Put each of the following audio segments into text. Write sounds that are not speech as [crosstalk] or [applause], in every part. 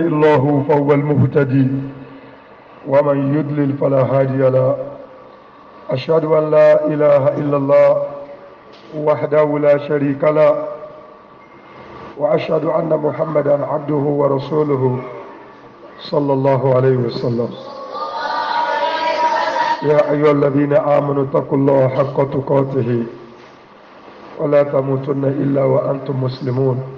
الله فهو المهتدي ومن يدلل فلا هادي له أشهد أن لا إله إلا الله وحده لا شريك له وأشهد أن محمدا عبده ورسوله صلى الله عليه وسلم يا أيها الذين آمنوا اتقوا الله حق تقاته ولا تموتن إلا وأنتم مسلمون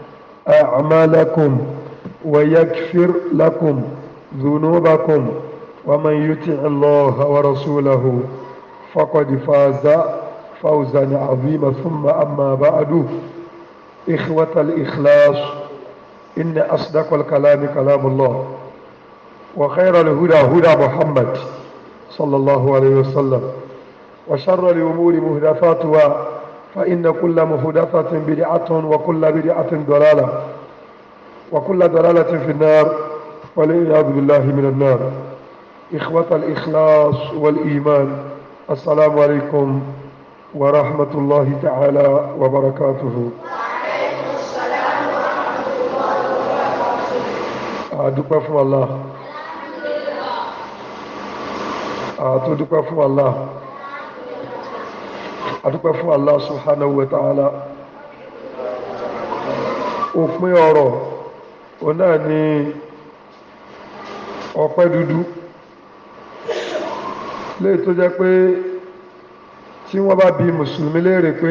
أعمالكم ويكفر لكم ذنوبكم ومن يطع الله ورسوله فقد فاز فوزا عظيما ثم أما بعد إخوة الإخلاص إن أصدق الكلام كلام الله وخير الهدى هدى محمد صلى الله عليه وسلم وشر الأمور مهدفاتها فإن كل مهدفة بدعة وكل بدعة ضلالة وكل ضلالة في النار والعياذ بالله من النار إخوة الإخلاص والإيمان السلام عليكم ورحمة الله تعالى وبركاته الله fún Allah àtúndúpẹ́ fún الله adúpẹ́ fún Allah subhanahu wa ta'ala òpin ọ̀rọ̀ òun náà ni ọ̀pẹ dúdú léè tó jẹ́ pé tí wọ́n bá bi mùsùlùmí léèrè pé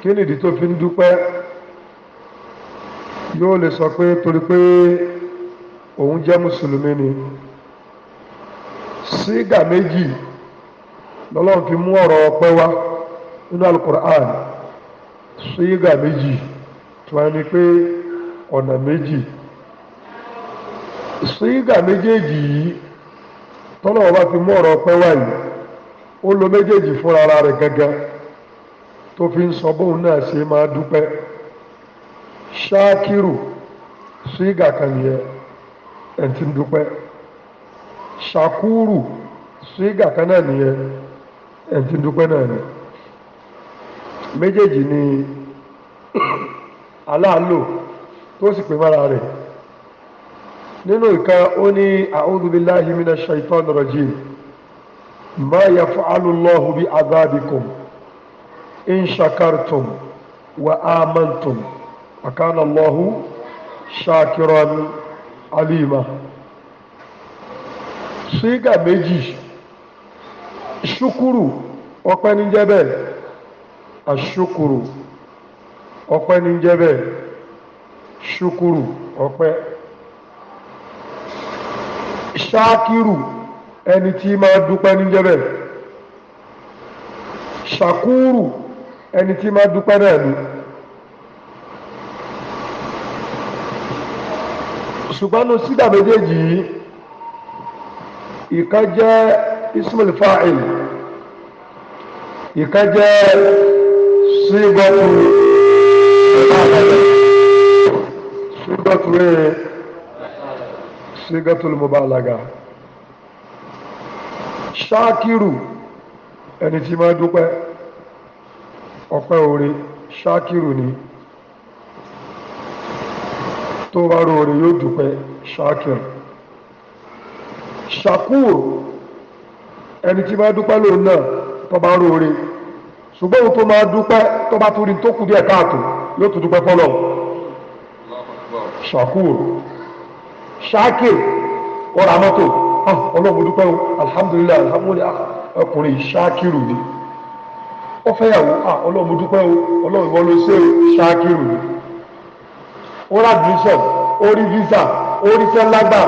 kí nìdí tó fi ń dúpẹ́ yóò lè sọ pé torí pé òun jẹ́ mùsùlùmí ni sígà méjì lọ́lọ́run fi mú ọ̀rọ̀ ọpẹ́ wá nínú alukur'an ṣígà méjì tí wọ́n pé ọ̀nà méjì ṣígà méjèèjì yìí tọ́lọ́wọ́ bá fi mú yìí ó lo méjèèjì ara rẹ̀ gangan tó fi ń sọ bóun náà ṣe máa dúpẹ́ ṣáàkìrù ṣígà kan ẹ̀tí dúpẹ́ náà ni méjèèjì ni aláàlò tó sì pè mára rẹ̀ nínú ìka ó ní a'udhu billahi minash shaitanir rajim ma yaf'alu Allahu bi adhabikum in shakartum wa amantum wa kana Allahu shakiran sígà méjì ṣukuru ọpẹ́ ní jẹ́ bẹ́ẹ̀ àṣukuru ọpẹ́ ní jẹ́ bẹ́ẹ̀ ṣukuru ọpẹ́ ṣáàkìrù ẹni tí máa dúpẹ́ ní jẹ́ bẹ́ẹ̀ ṣàkúrù ẹni tí máa dúpẹ́ náà ni. ṣùgbọ́n nu sídà méjèèjì yìí ìkan jẹ́ ismul fa'il ìkan jẹ́ sígọ́tù sígọ́tù sígọ́tù mubalaga ṣáàkìrù ẹni tí máa dúpẹ́ ọpẹ́ oore ṣáàkìrù ni tó bá rò oore yóò dúpẹ́ ṣáàkìrù ẹni tí máa dúpẹ́ lòun náà tó bá róore ṣùgbọ́n òun tó máa dúpẹ́ tó bá torí tó kù díẹ̀ káàtó yóò tún dúpẹ́ fọlọ́ ṣàkúrò ṣáàkè ọ̀rọ̀ àmọ́tò ọlọ́run ah, dúpẹ́ o alhamdulilayi alhamdulilayi ọkùnrin ṣáàkìrù ni ó fẹ́yàwó ah, ọlọ́run dúpẹ́ o ọlọ́run ìwọ ṣe ṣáàkìrù ni ó rà admission ó rí visa ó rí sẹ́lágbà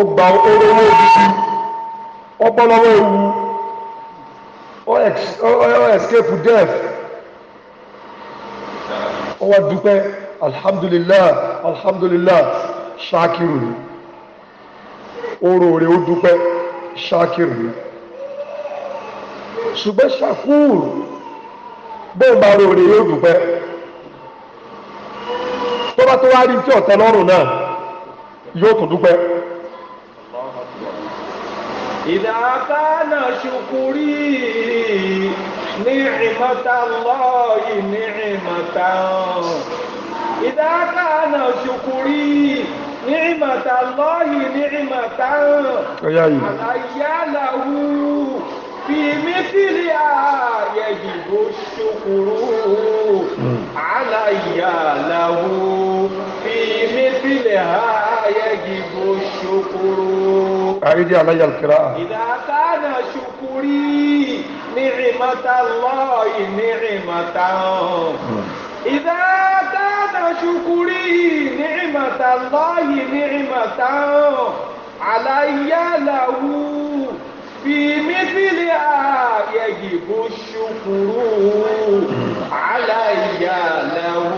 ó gba orówó ojú sí ó bọ́ lọ́wọ́ ewu ó escape death ó wá dúpẹ́ alhamdulillah alhamdulillah ṣáàkìrù ni oró rẹ̀ ó dúpẹ́ ṣáàkìrù ni ṣùgbọ́n ṣàkúrù bóun bá oró rẹ̀ yóò dúpẹ́ tó bá tó wá rí tí ọ̀tẹ̀ lọ́rùn náà yóò tún dúpẹ́. إذا كان شكري نعمة الله نعمة إذا كان شكري نعمة الله نعمة فهيا له في مثلها يجب الشكر علي له في مثلها يجب الشكر أعيدي علي القراءة إذا كان شكري نعمة الله نعمة إذا كان شكري نعمة الله نعمة علي له في مثلها يجب الشكر علي له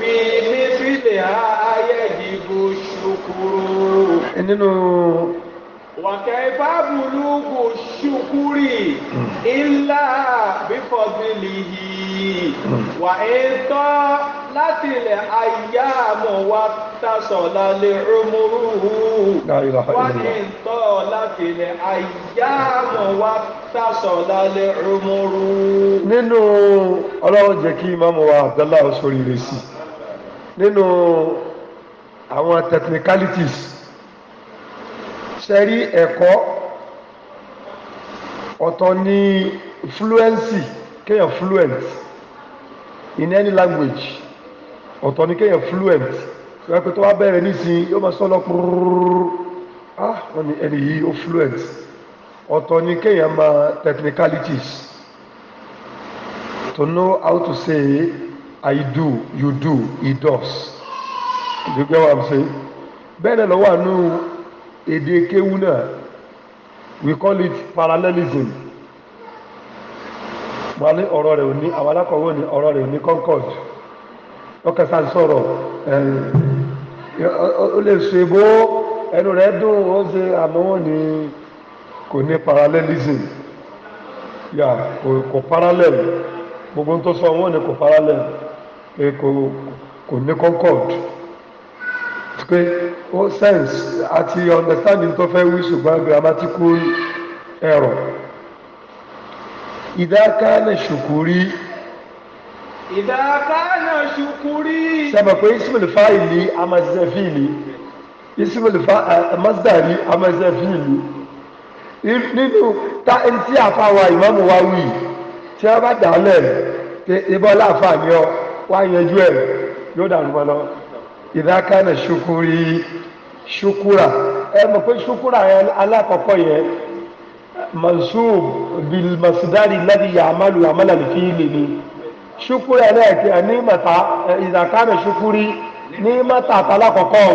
في مثلها يجب ṣùkúrú. nínú. wàkẹ́fà bùlùkù ṣùkúrì ilà bífọ̀bìlìhì wà ètò láti ilẹ̀ ayé àmọ́ wa tasọ̀lá lè rúmúrú. wà ètò láti ilẹ̀ ayé àmọ́ wa tasọ̀lá lè rúmúrú. nínú ọlọ́run jẹ́ kí mọ́mọ́ wa Abdullahi sórí rẹ̀ sí nínú àwọn technicalities ṣẹ́rí ẹ̀kọ́ ọ̀tọ̀ ní fluency kéèyàn fluent in any language ọ̀tọ̀ ní kéèyàn fluent wọ́n pẹ̀ tó wá bẹ̀rẹ̀ nísìn yóò máa sọ́lọ́ púrúrúrú ah wọ́n ni ẹni yìí ó fluent ọ̀tọ̀ ní kéèyàn máa technicalities to know how to say I do you do he does dúpẹ́ wà sí bẹ́ẹ̀ náà lọ́wọ́ àánú èdè kéwú we call it parallelism wà ní ọ̀rọ̀ rẹ̀ òní àwọn alákọ̀wé ní ọ̀rọ̀ rẹ̀ òní concord ọkẹsà sọ̀rọ̀ ó lè ṣe bó ẹnu rẹ̀ dùn ó ṣe àmọ́wọ́ ni kò ní parallelism yà kò parallel gbogbo tó sọ wọ́n ni kò parallel kò ní concord. pé ó sense àti understanding tó fẹ́ wí ṣùgbọ́n grammatical error ìdákàánà ṣùkúrí ìdákàánà ṣùkúrí sẹ́mọ̀ pé ismail fáìlì amazẹ́ fíìlì ismail mazdari amazẹ́ fíìlì nínú tá ẹni tí àfàwà ìmáàmù wa wí tí wọ́n bá dà á lẹ̀ ọ wá yanjú ẹ̀ yóò dàrú mọ́ lọ́wọ́ ìdákànnà ṣukuri ṣukura ẹ mọ̀ pé ṣukura yẹn alákọ̀ọ́kọ́ yẹn mansub bil masdari ladi yamalu amala li fi'li ni ṣukura ẹlẹ́ẹ̀kẹ́ ní mẹ́ta ìdákànnà ṣukuri ní mẹ́ta àtàlákọ̀ọ́kọ́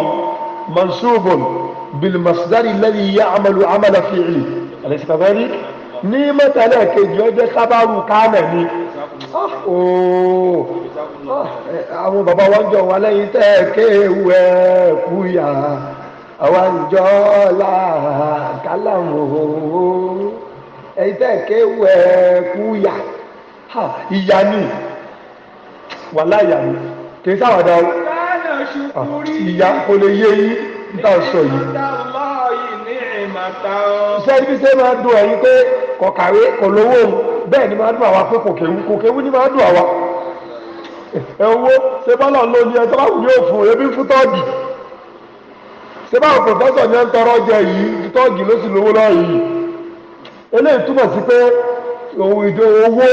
mansub bil masdari ladi yamalu amala fi'li alẹ́ sàbẹ́rì ní mẹ́ta ẹlẹ́ẹ̀kẹ́ jọ sábàrù kánà ni. Ah, oh. ah, eh, àwọn bàbá wa ń jọ wà lẹ́yìn tẹ́ ẹ kéwu ẹ kú yà àwa ń jọ là kálàmù ẹ̀yìn tẹ́ ẹ kéwu ẹ kú yà ìyá ni wàhálà ìyá ni kì í sáwàdà o ah, ìyá kò lè yé yín níta sọ yìí sẹ́ni bí sẹ́ni máa dùn ẹ̀yin pé kọ̀kàwé kò lówó òun bẹ́ẹ̀ ni máa dùn àwa pé kò kéwu ni máa dùn àwa ẹ owó ṣé bọ́lá ló ní ẹ tó yóò fún ebi fún tọ́ọ̀gì ṣé báwo ni yẹn ń tọrọ jẹ yìí tọ́ọ̀gì ló sì lówó lọ́ọ̀ yìí eléyìí túmọ̀ sí pé òun ìjọ owó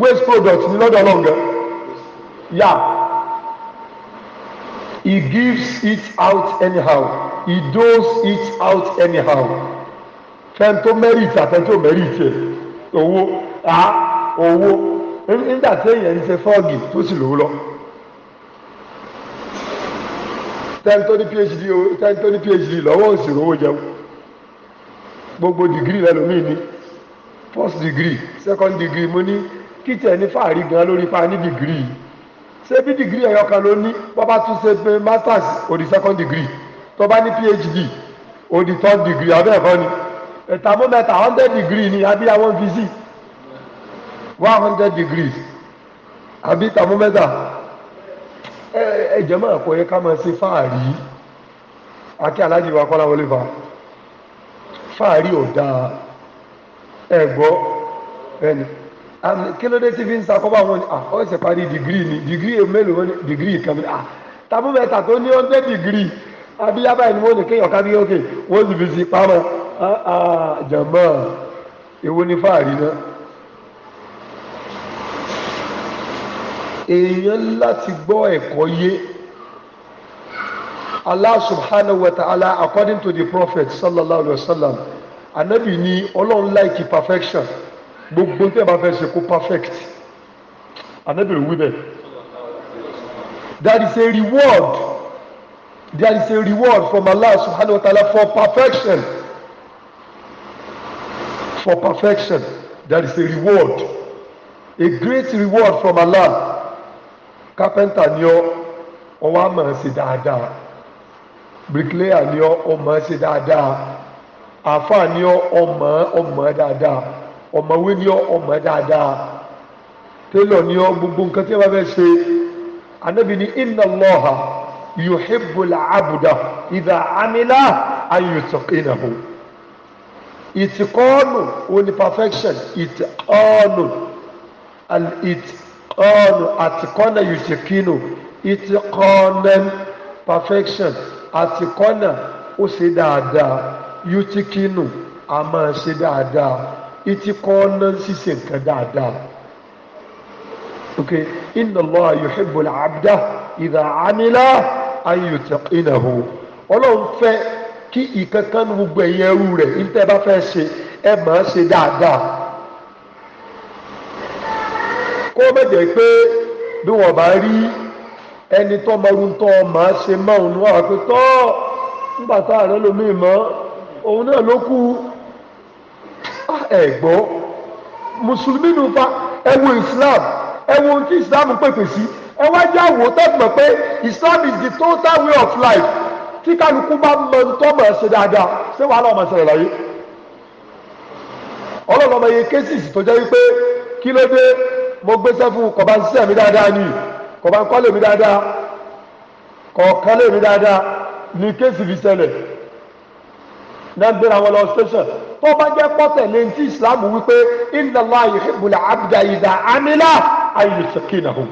waste product ni lọ́dọ̀ ọlọ́ngẹ yà he gives it out anyhow he does it out anyhow fẹ́ni tó mẹ́rìtì àtẹ́ni tó mẹ́rìtì ẹ̀ owó a owó nígbà tí èèyàn ń ṣe fọ́ọ̀gì tó sì lówó lọ. tẹ́ni tó ní phd tẹ́ni tó ní phd lọ́wọ́ òsì lówó jẹun gbogbo dìgírì lẹ́lòmíì ni first degree second degree mo ní kíjẹ ní fàárí gan lórí pa ní dìgírì ṣé bí dìgírì ẹ̀yọ kan ló ní bọ́bá tún ṣe pé masters ó di second degree tó bá ní phd ó di third degree abẹ́ẹ̀kọ́ ni thermometer hundred degree ni àbí àwọn fi sí one hundred degrees àbí thermometer ẹ jẹ́ mọ̀ ẹ̀kọ́ yẹ ká máa ṣe fáàrí akí aláàjì wa kọ́lá wọlé fa fáàrí ò dáa ẹ̀gbọ́ ẹni kí ló dé tí fi ń sakọ́bà wọn ni ọ ṣe parí dìgírì ni dìgírì mélòó ni dìgírì kan ah thermometer tó ní hundred degree àbí yábàá ẹni wọn ni kéèyàn ká bí ókè wọn sì fi sí pamọ́. Ah, ah, jàmbá èwo ni fáàrí náà èèyàn láti gbọ́ ẹ̀kọ́ yé Allah subhanahu wa ta'ala according to the prophet sallallahu alayhi wa sallam anabi ni ọlọ́run láìkì perfection gbogbo tí a bá fẹ́ ṣe kó perfect anabi ló wí bẹ́ẹ̀ there is a reward That is a reward from Allah subhanahu wa ta'ala for perfection for perfection. There is a reward, a great reward from Allah. Carpenter ni ọ, ọwọ́ a máa ṣe dáadáa. Bricklayer ni ọ, ọ máa ṣe dáadáa. Àfáà ni ọ, ọmọ ọmọ dáadáa. Ọ̀mọ̀wé ni ọ, ọmọ dáadáa. Télọ̀ ni ọ, gbogbo nǹkan tí wọ́n fẹ́ ṣe. Ànábì ni inna Allaha yuhibbul abda idha amila an yutqinahu. It ìtìkọ́ọ̀nù òní perfection It it and at corner ìtìkọ́ọ̀nù ìtìkọ́ọ̀nù àtìkọ́nà It ìtìkọ́ọ̀nà perfection at àtìkọ́nà ó ṣe dáadáa yùtìkínù a máa ṣe dáadáa ìtìkọ́ọ̀nà ṣíṣe nǹkan dáadáa. Okay. In the law, Inna Allah yuhibbul abda idha amila an yutaqinahu. Ọlọ́run fẹ́ kí ìkankan nu gbogbo ẹ̀yìn ẹrú rẹ̀ níta ẹ bá fẹ́ ṣe ẹ máa ṣe dáadáa kó o méje pé bí wọ́n bá rí ẹni tó mọrú tó máa ṣe máa ń wá pé tọ́ nígbà tá àárẹ̀ lómi mọ́ òun náà ló kú ah, ẹ̀gbọ́ mùsùlùmí nù fa ẹ wo Islam ẹ wo ohun tí Islam pèpè sí ẹ wá jáwó tẹ́gbọ̀n pé Islam is the total way of life tí kálukú bá mọ ntọ́mọ̀ ṣe dáadáa ṣé wàhálà ọmọ ṣẹlẹ̀ láyé ọlọ́lọ́mọ yẹ kéésìsì tó jẹ́ wípé kí ló dé mo gbéṣẹ́ fún kọ̀bá ṣiṣẹ́ mi dáadáa ni kọ̀bá ń kọ́lé mi dáadáa kọ̀ọ̀kan lé mi dáadáa ni kéésì fi ṣẹlẹ̀ náà wọn lọ station tó bá jẹ́ pọ́tẹ̀lé ti Islam wípé inna Allah yuhibbul abda idha amila ayé ṣèkínà hù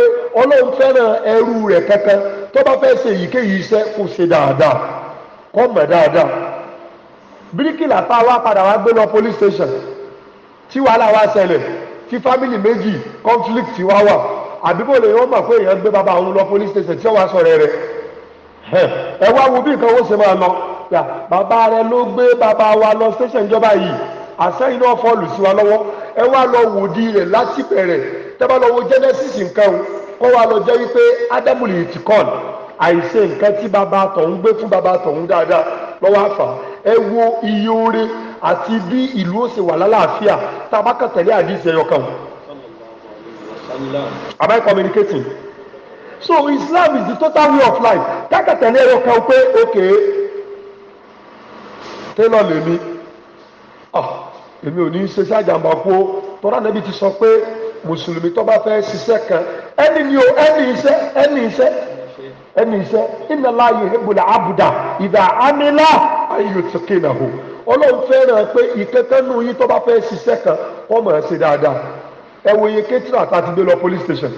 pé ọlọ́run fẹ́ràn ẹrú rẹ̀ kankan tó bá fẹ́ ṣe èyíkéyìí iṣẹ́ kó ṣe dáadáa kó mọ̀ dáadáa bíríkìlà tá a wá padà wá gbé lọ police station tí wàhálà wá ṣẹlẹ̀ tí family méjì conflict wá wà àbíbò lè wọ́n mọ̀ pé èèyàn gbé bàbá òun lọ police station tí wọ́n wá sọ̀rọ̀ rẹ̀ ẹ wá wo bí nǹkan ó ṣe máa lọ yà bàbá rẹ ló gbé bàbá wa lọ station ìjọba yìí àṣẹ iná fọ́ọ̀lù sí wa lọ́wọ́ ẹ wá lọ wòdì rẹ̀ láti bẹ̀rẹ̀ tẹ́bá lọ wo genesis nǹkan o wa lọ jẹ́ wípé ádámù lè ti kọ́ àìṣe nǹkan tí bàbá tọ̀hún gbé fún bàbá tọ̀hún dáadáa lọ́wọ́ àfà ẹ wo iye oore àti bí ìlú ó wà lálàáfíà tá a bá kàn tẹ̀lé àdìsí ẹyọ kan am I communicating? so Islam is the total way of life kákà tẹ̀lé ẹyọ kan pé òkè tẹ́lọ̀ lèmi ah, èmi ò ní ṣe ṣáàjàmbá kú o tọ́lá nẹ́bí ti sọ pé mùsùlùmí tó bá fẹ́ ṣiṣẹ́ kan ẹni ni o ẹni iṣẹ́ ẹni iṣẹ́ ẹni iṣẹ́ ìnàlá yuhibbul abda ìdá amílá ayùtùkìnàhù ọlọ́run fẹ́ràn pé ìkẹ́kẹ́nu yín tó bá fẹ́ ṣiṣẹ́ kan wọ́n mọ̀ ẹ́ ṣe dáadáa ẹ wo iye kẹ́tìrà tá a ti gbé lọ police station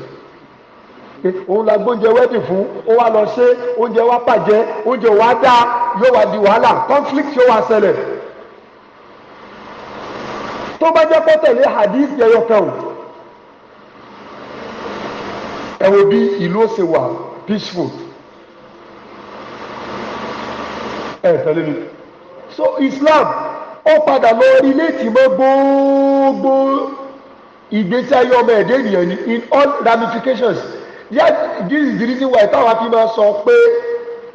òun la gbóúnjẹ wẹ́ẹ̀dì fún ó wá lọ ṣe oúnjẹ wa bàjẹ́ oúnjẹ wa dá yóò wá di wàhálà conflict yóò wá ṣẹlẹ̀ tó bá jẹ́ pọ́tẹ̀lé hadith yẹyọ kan o ẹ wo bí ìlú ó ṣe wà peaceful ẹ tẹ̀lé mi so Islam ó padà lọ relate mọ́ gbogbo ìgbésí ayé ọmọ ẹ̀dẹ́ ènìyàn ni in all ramifications yet this is the reason why táwa fi máa sọ pé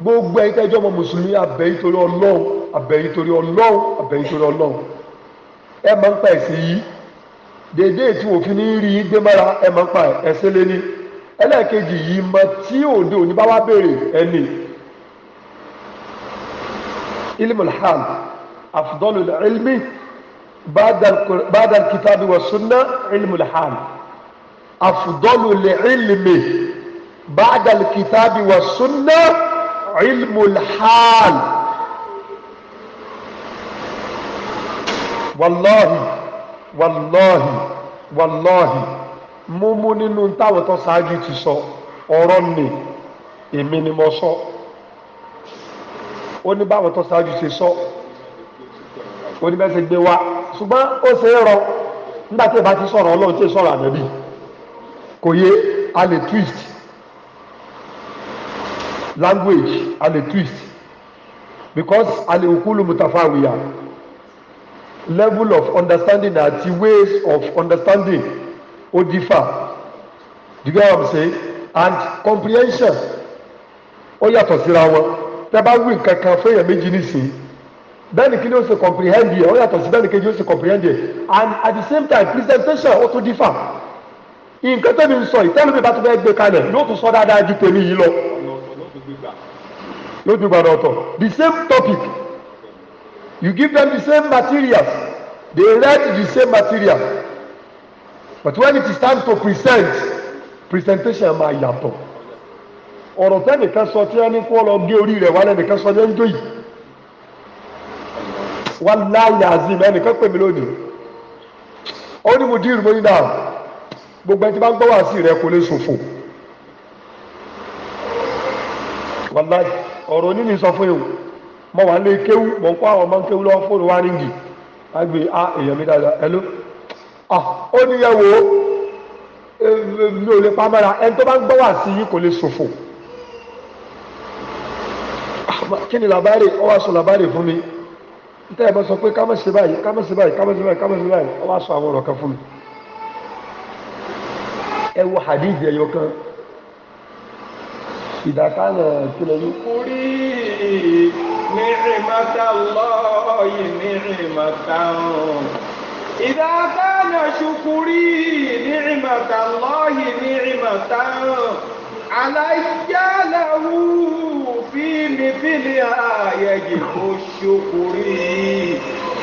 gbogbo ẹ̀yin tẹ́jọ́ ọmọ mùsùlùmí abẹ́yìn torí ọlọ́run abẹ́yìn torí ọlọ́run abẹ́yìn torí ọlọ́run ẹ máa ń pa ẹ̀sìn yìí dédé tí òfin ní rí gbé mára ẹ máa ń pa ẹ̀sìn lé ní ẹlẹ́ẹ̀kejì yìí mọ tí òde òní bá wá béèrè ẹni ilmul hal afdalul ilmi ba'dal kitabi wa sunna ilmul hal afdalul ilmi ba'dal kitabi wa sunna ilmul hal wallahi wallahi wallahi mo mú nínú táwọn tó ṣáájú ti sọ ọ̀rọ̀ nì èmi ni mo sọ ó ní báwọn tó ṣáájú ti sọ ó ní bẹ́ẹ̀ ṣe gbé wa ṣùgbọ́n ó ṣe é rọ nígbà tí ìbá ti sọ̀rọ̀ ọlọ́run tí ì sọ̀rọ̀ ànábì kò yé a lè twist language a lè twist because a lè hukulu mutafawiya level of understanding àti ways of understanding. Will differ do you get what i'm saying and comprehension ó yàtọ̀ síra wọn tẹ́ bá wí nǹkan kan fẹ́yàn méjì nísìnyí bẹ́ẹ̀ni kí ni ó ṣe comprehend yẹ ó yàtọ̀ sí bẹ́ẹ̀ni kejì ó ṣe comprehend yẹ and at the same time presentation ó tún differ nǹkan tẹ́mi ń sọ ìtẹ́lu mi bá tún fẹ́ gbé kalẹ̀ ló tún sọ dáadáa ju tèmi yìí lọ ló tún gbàdọ̀ ọ̀tọ̀ the same topic you give them the same material. they read the same material but when it is time to present presentation máa yàtọ̀ ọ̀rọ̀ tẹ́nìkan sọ tí wọ́n ní kó lọ gé orí rẹ̀ wálé nìkan sọ ní ẹjọ́ yìí wọ́n láàyè azim ẹnìkan pè mí lónìí ó ní mo dín ìrùmọ́ yín náà gbogbo ẹni tí bá ń gbọ́ wá sí rẹ̀ kò lè ṣòfò wọ́n láàyè ọ̀rọ̀ onímì sọ fún yòó mo wà lé kéwú mo ń kó àwọn ọmọ kéwú lọ́wọ́ fóònù wá níjì á gbé a ah, èèyàn mi dáadáa ẹ ló Ah, ó níyẹwò mi ò lè pa mọ́ra ẹni tó bá ń gbọ́ wá sí yìí kò lè ṣòfò ah, kí ni làbárè ọwọ́ aṣọ làbárè fún mi níta ẹ̀ bá sọ pé kámọ̀ sí báyìí kámọ̀ sí báyìí kámọ̀ sí báyìí kámọ̀ sí báyìí ọwọ́ aṣọ àwọn ọ̀rọ̀ kan fún mi ẹ wo hadith ẹ̀yọ kan ìdàkánà kílẹ̀ ní. orí ní ìmọ̀ta lọ́ọ̀yì ní ìmọ̀ta ọ̀hún. إذا كان شكري نعمة الله نعمة علي له في مثلها يجب الشكر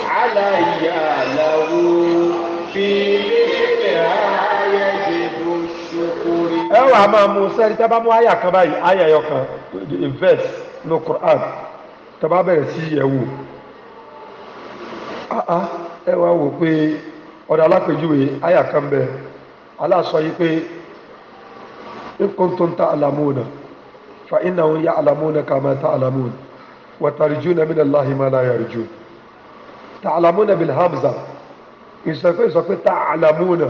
علي له في مثلها يجب الشكر ẹ wà máa mú sẹ́ni tẹ́ bá mú àyà kan báyìí àyà yọ kan the verse no Quran tẹ́ bá bẹ̀rẹ̀ sí yẹ̀ wò. Ah, ah ẹ wá wò pé ọ̀dà alápèjúwe àyà kan bẹ aláṣọ yìí pé in kuntum ta'lamuna fa innahum ya'lamuna kama ta'lamun wa tarjuna min Allahi ma la yarjun ta'lamuna bil hamza ìsọ̀pẹ́ ìsọ̀pẹ́ ta'lamuna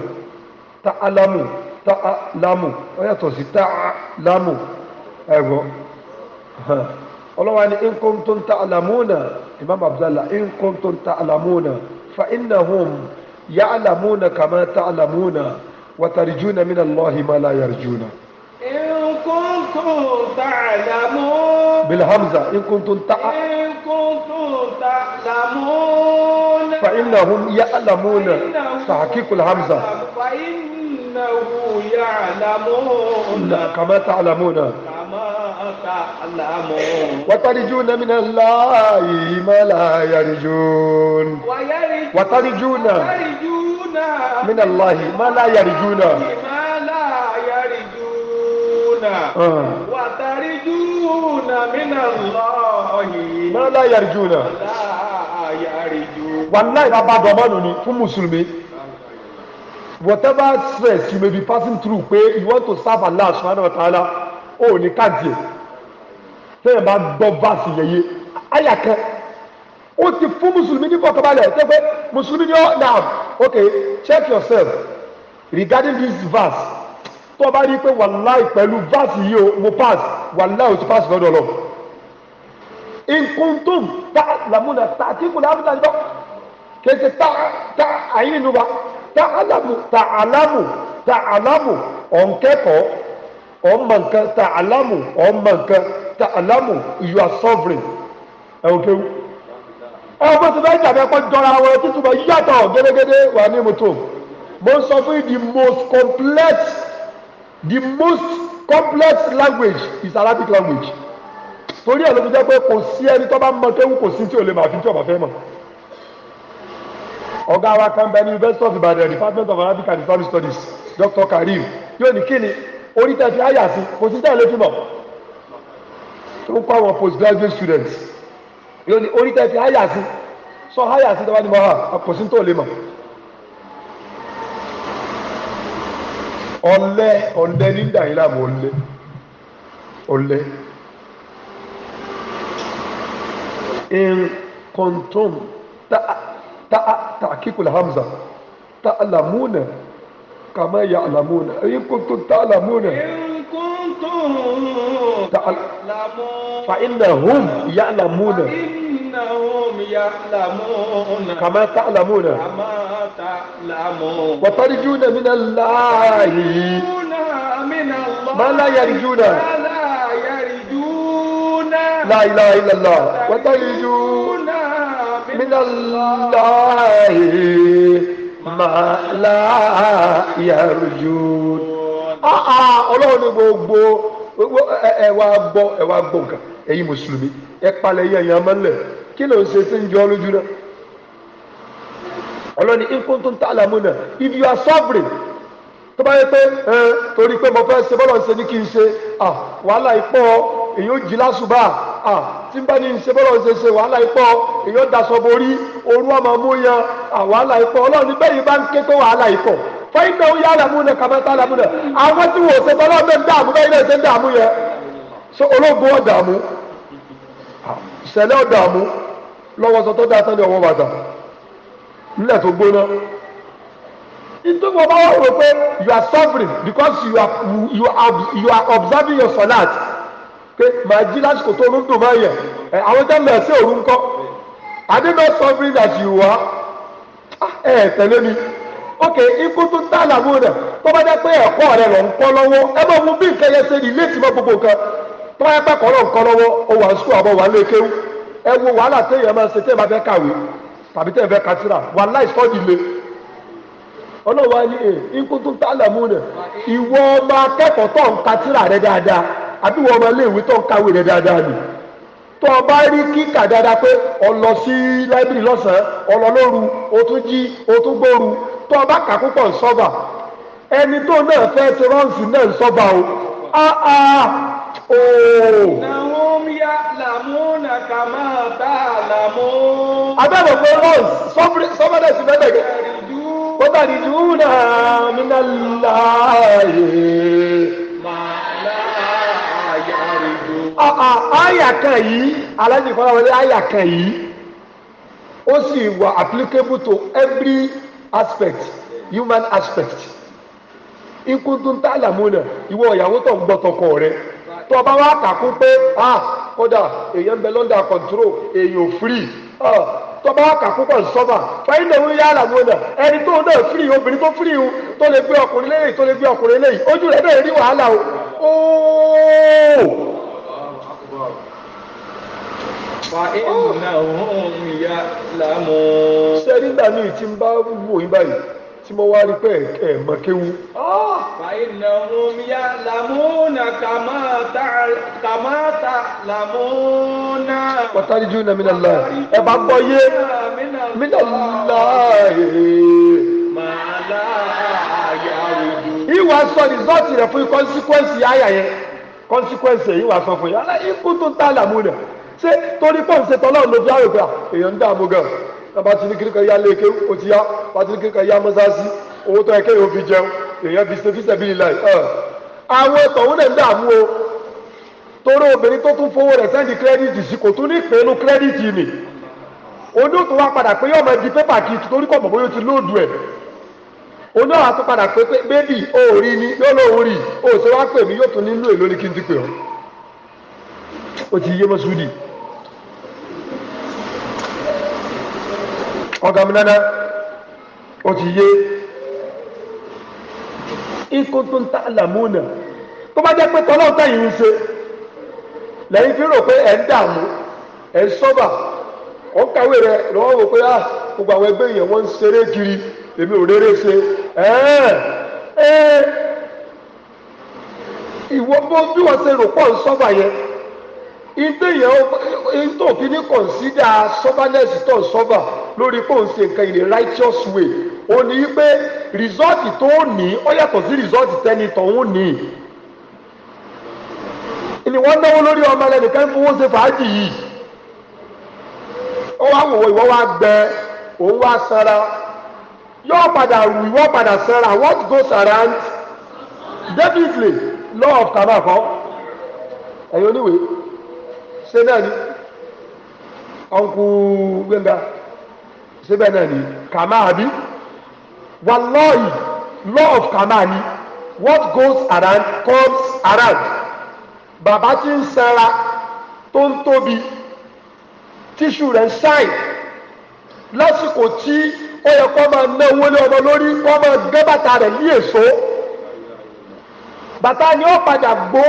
ta'lamu ta'lamu ó yàtọ̀ sí ta'lamu ẹ̀gbọ́n ọlọ́wà ni in kuntum ta'lamuna imam abdallah in kuntum ta'lamuna. فإنهم يعلمون كما تعلمون وترجون من الله ما لا يرجون إن كنتم تعلمون بالهمزة إن كنتم تعلمون إن كنتم تعلمون فإنهم يعلمون تحقيق الهمزة فإنه يعلمون كما تعلمون وترجون من الله ما لا يرجون وترجون من الله ما لا يرجون وترجون من الله ما لا يرجون wàláì bàbá àdọ̀mọ́nù ni fún mùsùlùmí whatever stress you may be passing through pé you want to serve Allah subhanahu wa ta'ala ó ní káàdì ẹ̀ sẹ́yìn bá gbọ́ vaasi yẹyẹ àyà kan ó ti fún mùsùlùmí ní fọkànbalẹ̀ ṣe pé mùsùlùmí ni ó now okay check yourself regarding this verse tó o bá rí i pé wàláì pẹ̀lú vaasi yìí o mo pass wàláì o ti pass lọ́dọ̀ lọ nkuntum ta lamuna ta kíkù lamuna yìí bọ́ kèsì ta ta àyìn nínú wa ta alamu ta alamu ta alamu ọ̀nkẹ́kọ̀ọ́ ọ̀nmọ̀nkẹ́ ta alamu ọ̀nmọ̀nkẹ́ ta'lamu you are sovereign ẹ ò kéwu ọmọ tí bẹ́ẹ̀ jàbẹ́ kọ́ jọra wọn títí bá yàtọ̀ gẹ́gẹ́gẹ́ wà ní mọ́tò mo ń sọ fún the most complex the most complex language is Arabic language torí ẹ̀ ló fi jẹ́ pé kò sí ẹni tó bá mọ kéwu kò sí tí ò lè máa fi tí ò bá fẹ́ mọ̀ wa kan bẹ ní University of Ibadan Department of Arabic and Islamic Studies Dr. Karim yóò ní kí ni orí tẹ̀ fi àyà sí kò sí tẹ̀ lé fi mọ̀ tó ń kọ́ àwọn postgraduate students yóò ní orí tẹ́tí háyà sí sọ háyà sí tọ́wá ní mọ́ hà àpòsí tó lè mọ̀. ọ̀lẹ ọ̀lẹ ní dàyín láàmú ọ̀lẹ ọ̀lẹ. in kuntum ta'kikul hamza ta'lamuna kama ya'lamuna in kuntum ta'lamuna. in kuntum. تعالى فإنهم يعلمون يعلمون كما تعلمون تعلمون وترجون من الله ما لا يرجون لا يرجون لا إله إلا الله وترجون من الله ما لا يرجون آه آه ẹ wá gbọ́ ẹ wá gbọ́ nǹkan ẹ̀yin mùsùlùmí ẹ palẹ̀ yẹn yẹn mọ́lẹ̀ kí ló ń ṣe sí ń jọ lójú náà ọlọ́ni nkúntún tá a làmú náà if you are sovereign tó bá yẹ pé ẹ torí pé mo fẹ́ ṣe bọ́lọ̀ ń ṣe ní kí n ṣe wàhálà ìpọ́ èyí ó jí lásùbà tí n bá ní ṣe bọ́lọ̀ ń ṣe ṣe wàhálà ìpọ́ èyí ó daṣọ borí orú àmọ́ mú yan wàhálà ìpọ́ ọlọ́ni bẹ́ẹ̀ yìí bá ń ké tó wàhálà ìpọ́ fọyín náà ó yá kàmá tá àlàmú àwọn tí wò ó ṣe tọ́lá dààmú bẹ́ẹ̀ náà ṣe ń dààmú yẹn so ológun ọ̀dààmú ìṣẹ̀lẹ̀ ọ̀dààmú lọ́wọ́ sọ tó dáa ọwọ́ bàtà nílẹ̀ tó gbóná ìtumọ̀ bá wà wò pé you are suffering because you are you are you are observing your salat pé màá jí lásìkò tó ń dùn máa yẹ àwọn jẹ́ mẹ̀ẹ́sì òru ńkọ́ I did not suffering as you are ah, ẹ̀ tẹ̀lé mi. ok ikú tún tá àlàmú rẹ̀ tó bá pé lọ ń kọ́ lọ́wọ́ ẹ bá wo bí nǹkan yẹn ṣe ní ilé ìtìmọ̀ gbogbo nǹkan tó bá yẹ pé ẹ̀kọ́ lọ ń wà wà ẹ wo wàhálà téèyàn kàwé tàbí téèyàn katira wàhálà ìsọ́ọ̀dì le ẹ ikú tún tá ìwọ akẹ́kọ̀ọ́ tó ń dáadáa àbí ìwọ iléèwé kàwé dáadáa ni o bá rí kíkà dáadáa pé ọ lọ tó ọba kà púpọ̀ ń sọ́bà ẹni tó náà fẹ́ ti rọ́ǹsì náà ń sọ́bà o áá o. làwọn ya làmúnà kà máa bá a làmú. abẹ́rẹ́ pé rọ́ǹsì sọ́mọdé sí bẹ́ẹ̀ bẹ́ẹ̀ kọ́tà nìjú náà mí náà láàyè àyà kan yìí alájì fọláwọlé àyà kan yìí ó sì wà applicable to every aspect human aspect ikuntun tààlàmúnà ìwọ ìyàwó tó ń gbọ́ tọkọ rẹ tó bá wá kàkún pé ah kódà èèyàn ń bẹ lọ́ndà control èèyàn free ah, tó bá wá kàkún pọ̀ sọ́mà fẹ́yìn lòun yá àlàmúnà ẹni tó náà free obìnrin tó free o tó lè gbé ọkùnrin lẹ́yìn tó lè gbé ọkùnrin lẹ́yìn ojú rẹ̀ náà rí wàhálà o fa ìnà òun ìyá làmú. ṣé nígbà míì tí ń bá wò yín báyìí tí mo wá rí pé ẹ mọ kéwu. Ah! fa ìnà òun ìyá làmú na kàmáta làmú na. wàtárí jù nàmínà láì ẹ bá gbọ́ yé mínà láì. màálà àyàwó. ìwà sọ rìsọ́ọ̀tì rẹ̀ fún consequence yáyà yẹn consequence yìí wà sọ fún yàrá ikú tó ń tà làmú náà. ṣé torí pọ̀ ń ṣe tọ́lọ́run ló fi àrò pé ah, èèyàn ń dààmú gan bàbá tí ní kíríkan yá léèké o ti yá bàbá tí ní mọ́sáàsì owó tó yẹ kéèyàn fi jẹun èèyàn fi ṣe bí ẹ̀ àwọn lè ń dààmú o torí obìnrin tó tún fowó rẹ̀ sẹ́ndì kírẹ́dìtì sí kò tún ní ìpinnu kírẹ́dìtì wá padà pé di pépà kì í torí kọ̀ mọ̀ ọ̀gá mi nana ó ti ta tó bá jẹ́ pé tọ́lọ́ ń ṣe lẹ́yìn fi rò pé ẹ̀ ń dààmú ẹ̀ ń sọ́bà ń pé ah gbogbo wọ́n ń ṣeré kiri èmi ò rere ṣe ìtẹ̀yẹ̀ tó fi ní consider stubbornness tó sọ́bà lórí pé òun ṣe nǹkan in a righteous way ó ní pé rìsọ́ọ̀tì tó ní ó yàtọ̀ sí rìsọ́ọ̀tì tẹ́ni ní ni wọ́n náwó lórí ọmọ ẹlẹ́nìkan fún wọn ṣe fàájì yìí ó wá wò ìwọ́ wá gbẹ òun wá sanra yóò padà wù ìwọ́ padà sanra what goes around definitely law of karma kọ́ ṣé náà ni ọ̀nkù gbẹ̀ngà ṣé bẹ́ẹ̀ náà ni kàmá àbí wàlọ́ọ̀yì law of kàmá ni what goes around comes around bàbá tí ń sanra tó ń tóbi tíṣù rẹ̀ ń ṣáì lásìkò tí ó yẹ kó máa ná owó ọmọ lórí kó máa gbé bàtà rẹ̀ èso bàtà ni ó padà gbó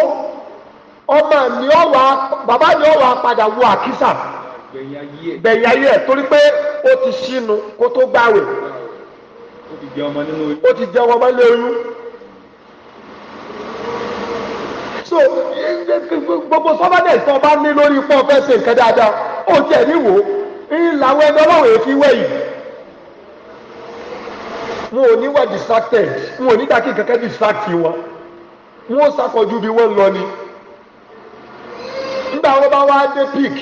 ọmọ mi ọ wá bàbá mi ọ wá padà wo àkísà gbẹ̀yìn ayé torí pé ó ti ṣínu kó tó gbàwẹ̀ ó ti jẹ ọmọ nínú oyún. so gbogbo sọ́fẹ́dẹ̀ tó bá ní lórí pọ́n fẹ́ ṣe nǹkan dáadáa ó jẹ́ níwò ń làwọn ẹni ọlọ́run èéfín wẹ̀yìn wọn ò ní wà distracted wọn ò ní dàkí kankan distract wọn wọn ó sàkọjú bí wọn lọ ni nígbà wọn bá wá dé píìkì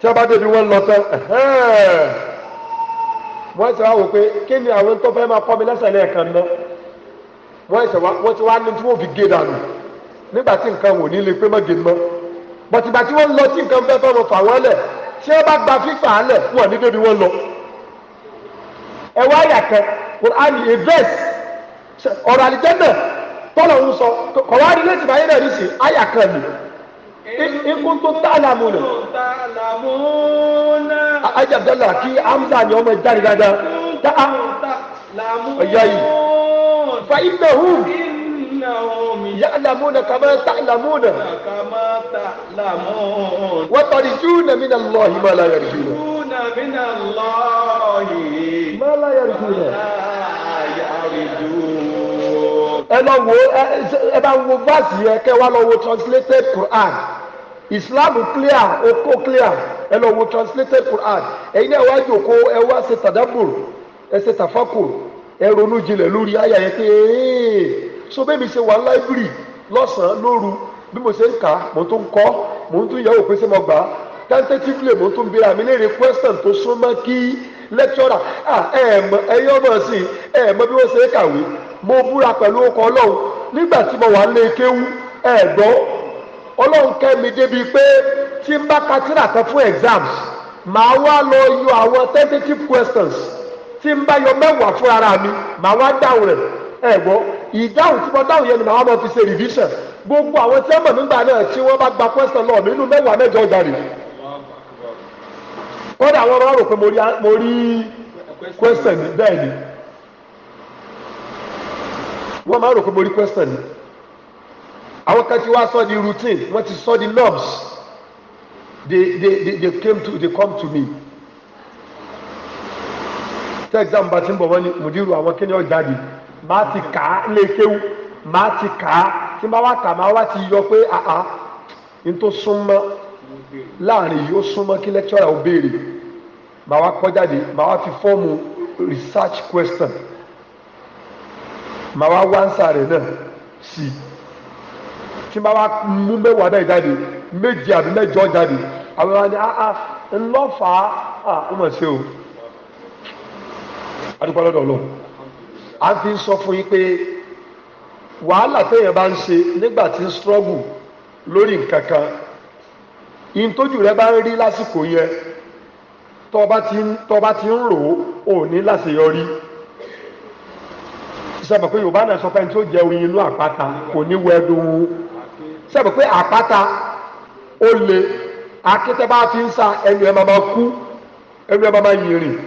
tí wọn bá débi wọn lọ tán wọn ṣe wá wò pé kí ni àwọn tó fẹ́ máa kọ́ mi lẹ́sẹ̀ lẹ́ẹ̀kan náà wọ́n ẹ̀sẹ̀ wọ́n ti wá ní tí wọ́n fi gé dànù nígbà tí nǹkan wò ní lè pé mọ́gè mọ́ bọ̀tìgbà tí wọ́n lọ tí nǹkan bẹ́ẹ̀ fẹ́ wọn fà wọ́n lẹ̀ tí wọ́n bá gba fífà á lẹ̀ wọ́n ní débi wọ́n lọ. ẹ wá yà kẹ Kùránì events ọ̀rọ̀ àlìjẹ́ndẹ̀ tọ́lọ̀ ń sọ kọ̀wá rí létí báyé náà rí sí àyà kan nìyẹn. إن كنتم تعلمون أجي عبد الله كي أمزة يوم الدار غدا تعلمون فإنهم يعلمون كما تعلمون كما تعلمون وترجون من الله ما لا يرجون من الله ما لا يرجون ẹ lọ wo ẹ bá wo verse yẹn kẹ wá lọ wo translated Quran Islam clear oko clear ẹ lọ wo translated Quran ẹ̀yin náà wá jòkó ẹ wá ṣe tàdábùrù ẹ ṣe tàfàkùrù ẹ ronú jinlẹ̀ lórí àyà yẹn pé so bẹ́ẹ̀ni ṣe wà láìbírì lọ́sàn-án lóru bí mo ṣe ń kà á mo tún kọ́ mo tún yẹ̀wò pé ṣé mo gbà á tentatively mo tún bí àmì léèrè question tó súnmọ́ kí. lẹ́kítọ́rà ẹ̀yin ọmọ sí ẹ̀ mọ bí wọ́n ṣe é kàwé mo búra pẹ̀lú ọkọ̀ ọlọ́run nígbà tí mo wà ń lé kéwú ẹ̀ gbọ́ ọlọ́run kẹ́mi débi pé tí n bá katira kan yọ àwọn tentative questions tí n bá yọ mẹ́wàá fún ara mi màá wá dáhùn rẹ̀ ìdáhùn tí mo dáhùn yẹn ni gbogbo àwọn tí wọ́n mọ̀ nígbà gba question lọ́ọ̀ nínú mẹ́wàá mẹ́jọ kódà àwọn ọmọ rò pé mo rí question ní bẹ́ẹ̀ ni wọ́n máa rò pé mo rí question ni àwọn kan ti wá sọ di routine wọ́n ti sọ di norms they they they came to they come to me tẹ́ exam bá ti ń bọ̀ wọ́n ni mùdírù àwọn kí ni ó jáde máa ti kà á lé kéwú máa ti kà á tí máa wá kà máa wá ti yọ pé àá n tó súnmọ́ láàrin yìí ó súnmọ́ kí lecturer ó béèrè màá wá kọ́ jáde màá wá fi fọ́ọ̀mù research question màá wá wá ánsà rẹ̀ náà sí i tí màá wá mú mẹ́wàá náà jáde méje àbí mẹ́jọ jáde àwọn ẹ̀rọ ni ah ah ńlọ́fà ah ó mà ṣe o adúpọ̀ lọ́dọ̀ ọlọ́run a fi ń sọ fún yín pé wàhálà téèyàn bá ń ṣe nígbà tí ń struggle lórí nǹkan kan yìí tójú rẹ bá ń rí lásìkò yẹn tọba ti ń tọba ti ń rò ó ní láṣeyọrí sẹ́bẹ̀ pé yorùbá náà sọ pé ẹni tí ó jẹ oyin inú àpáta kò ní wẹ́ẹ́dùn sẹ́bẹ̀ pé àpáta ó le akétẹ́ bá fi ń sa ẹnu ẹ̀ máa kú ẹnu ẹ̀ máa yìnrìn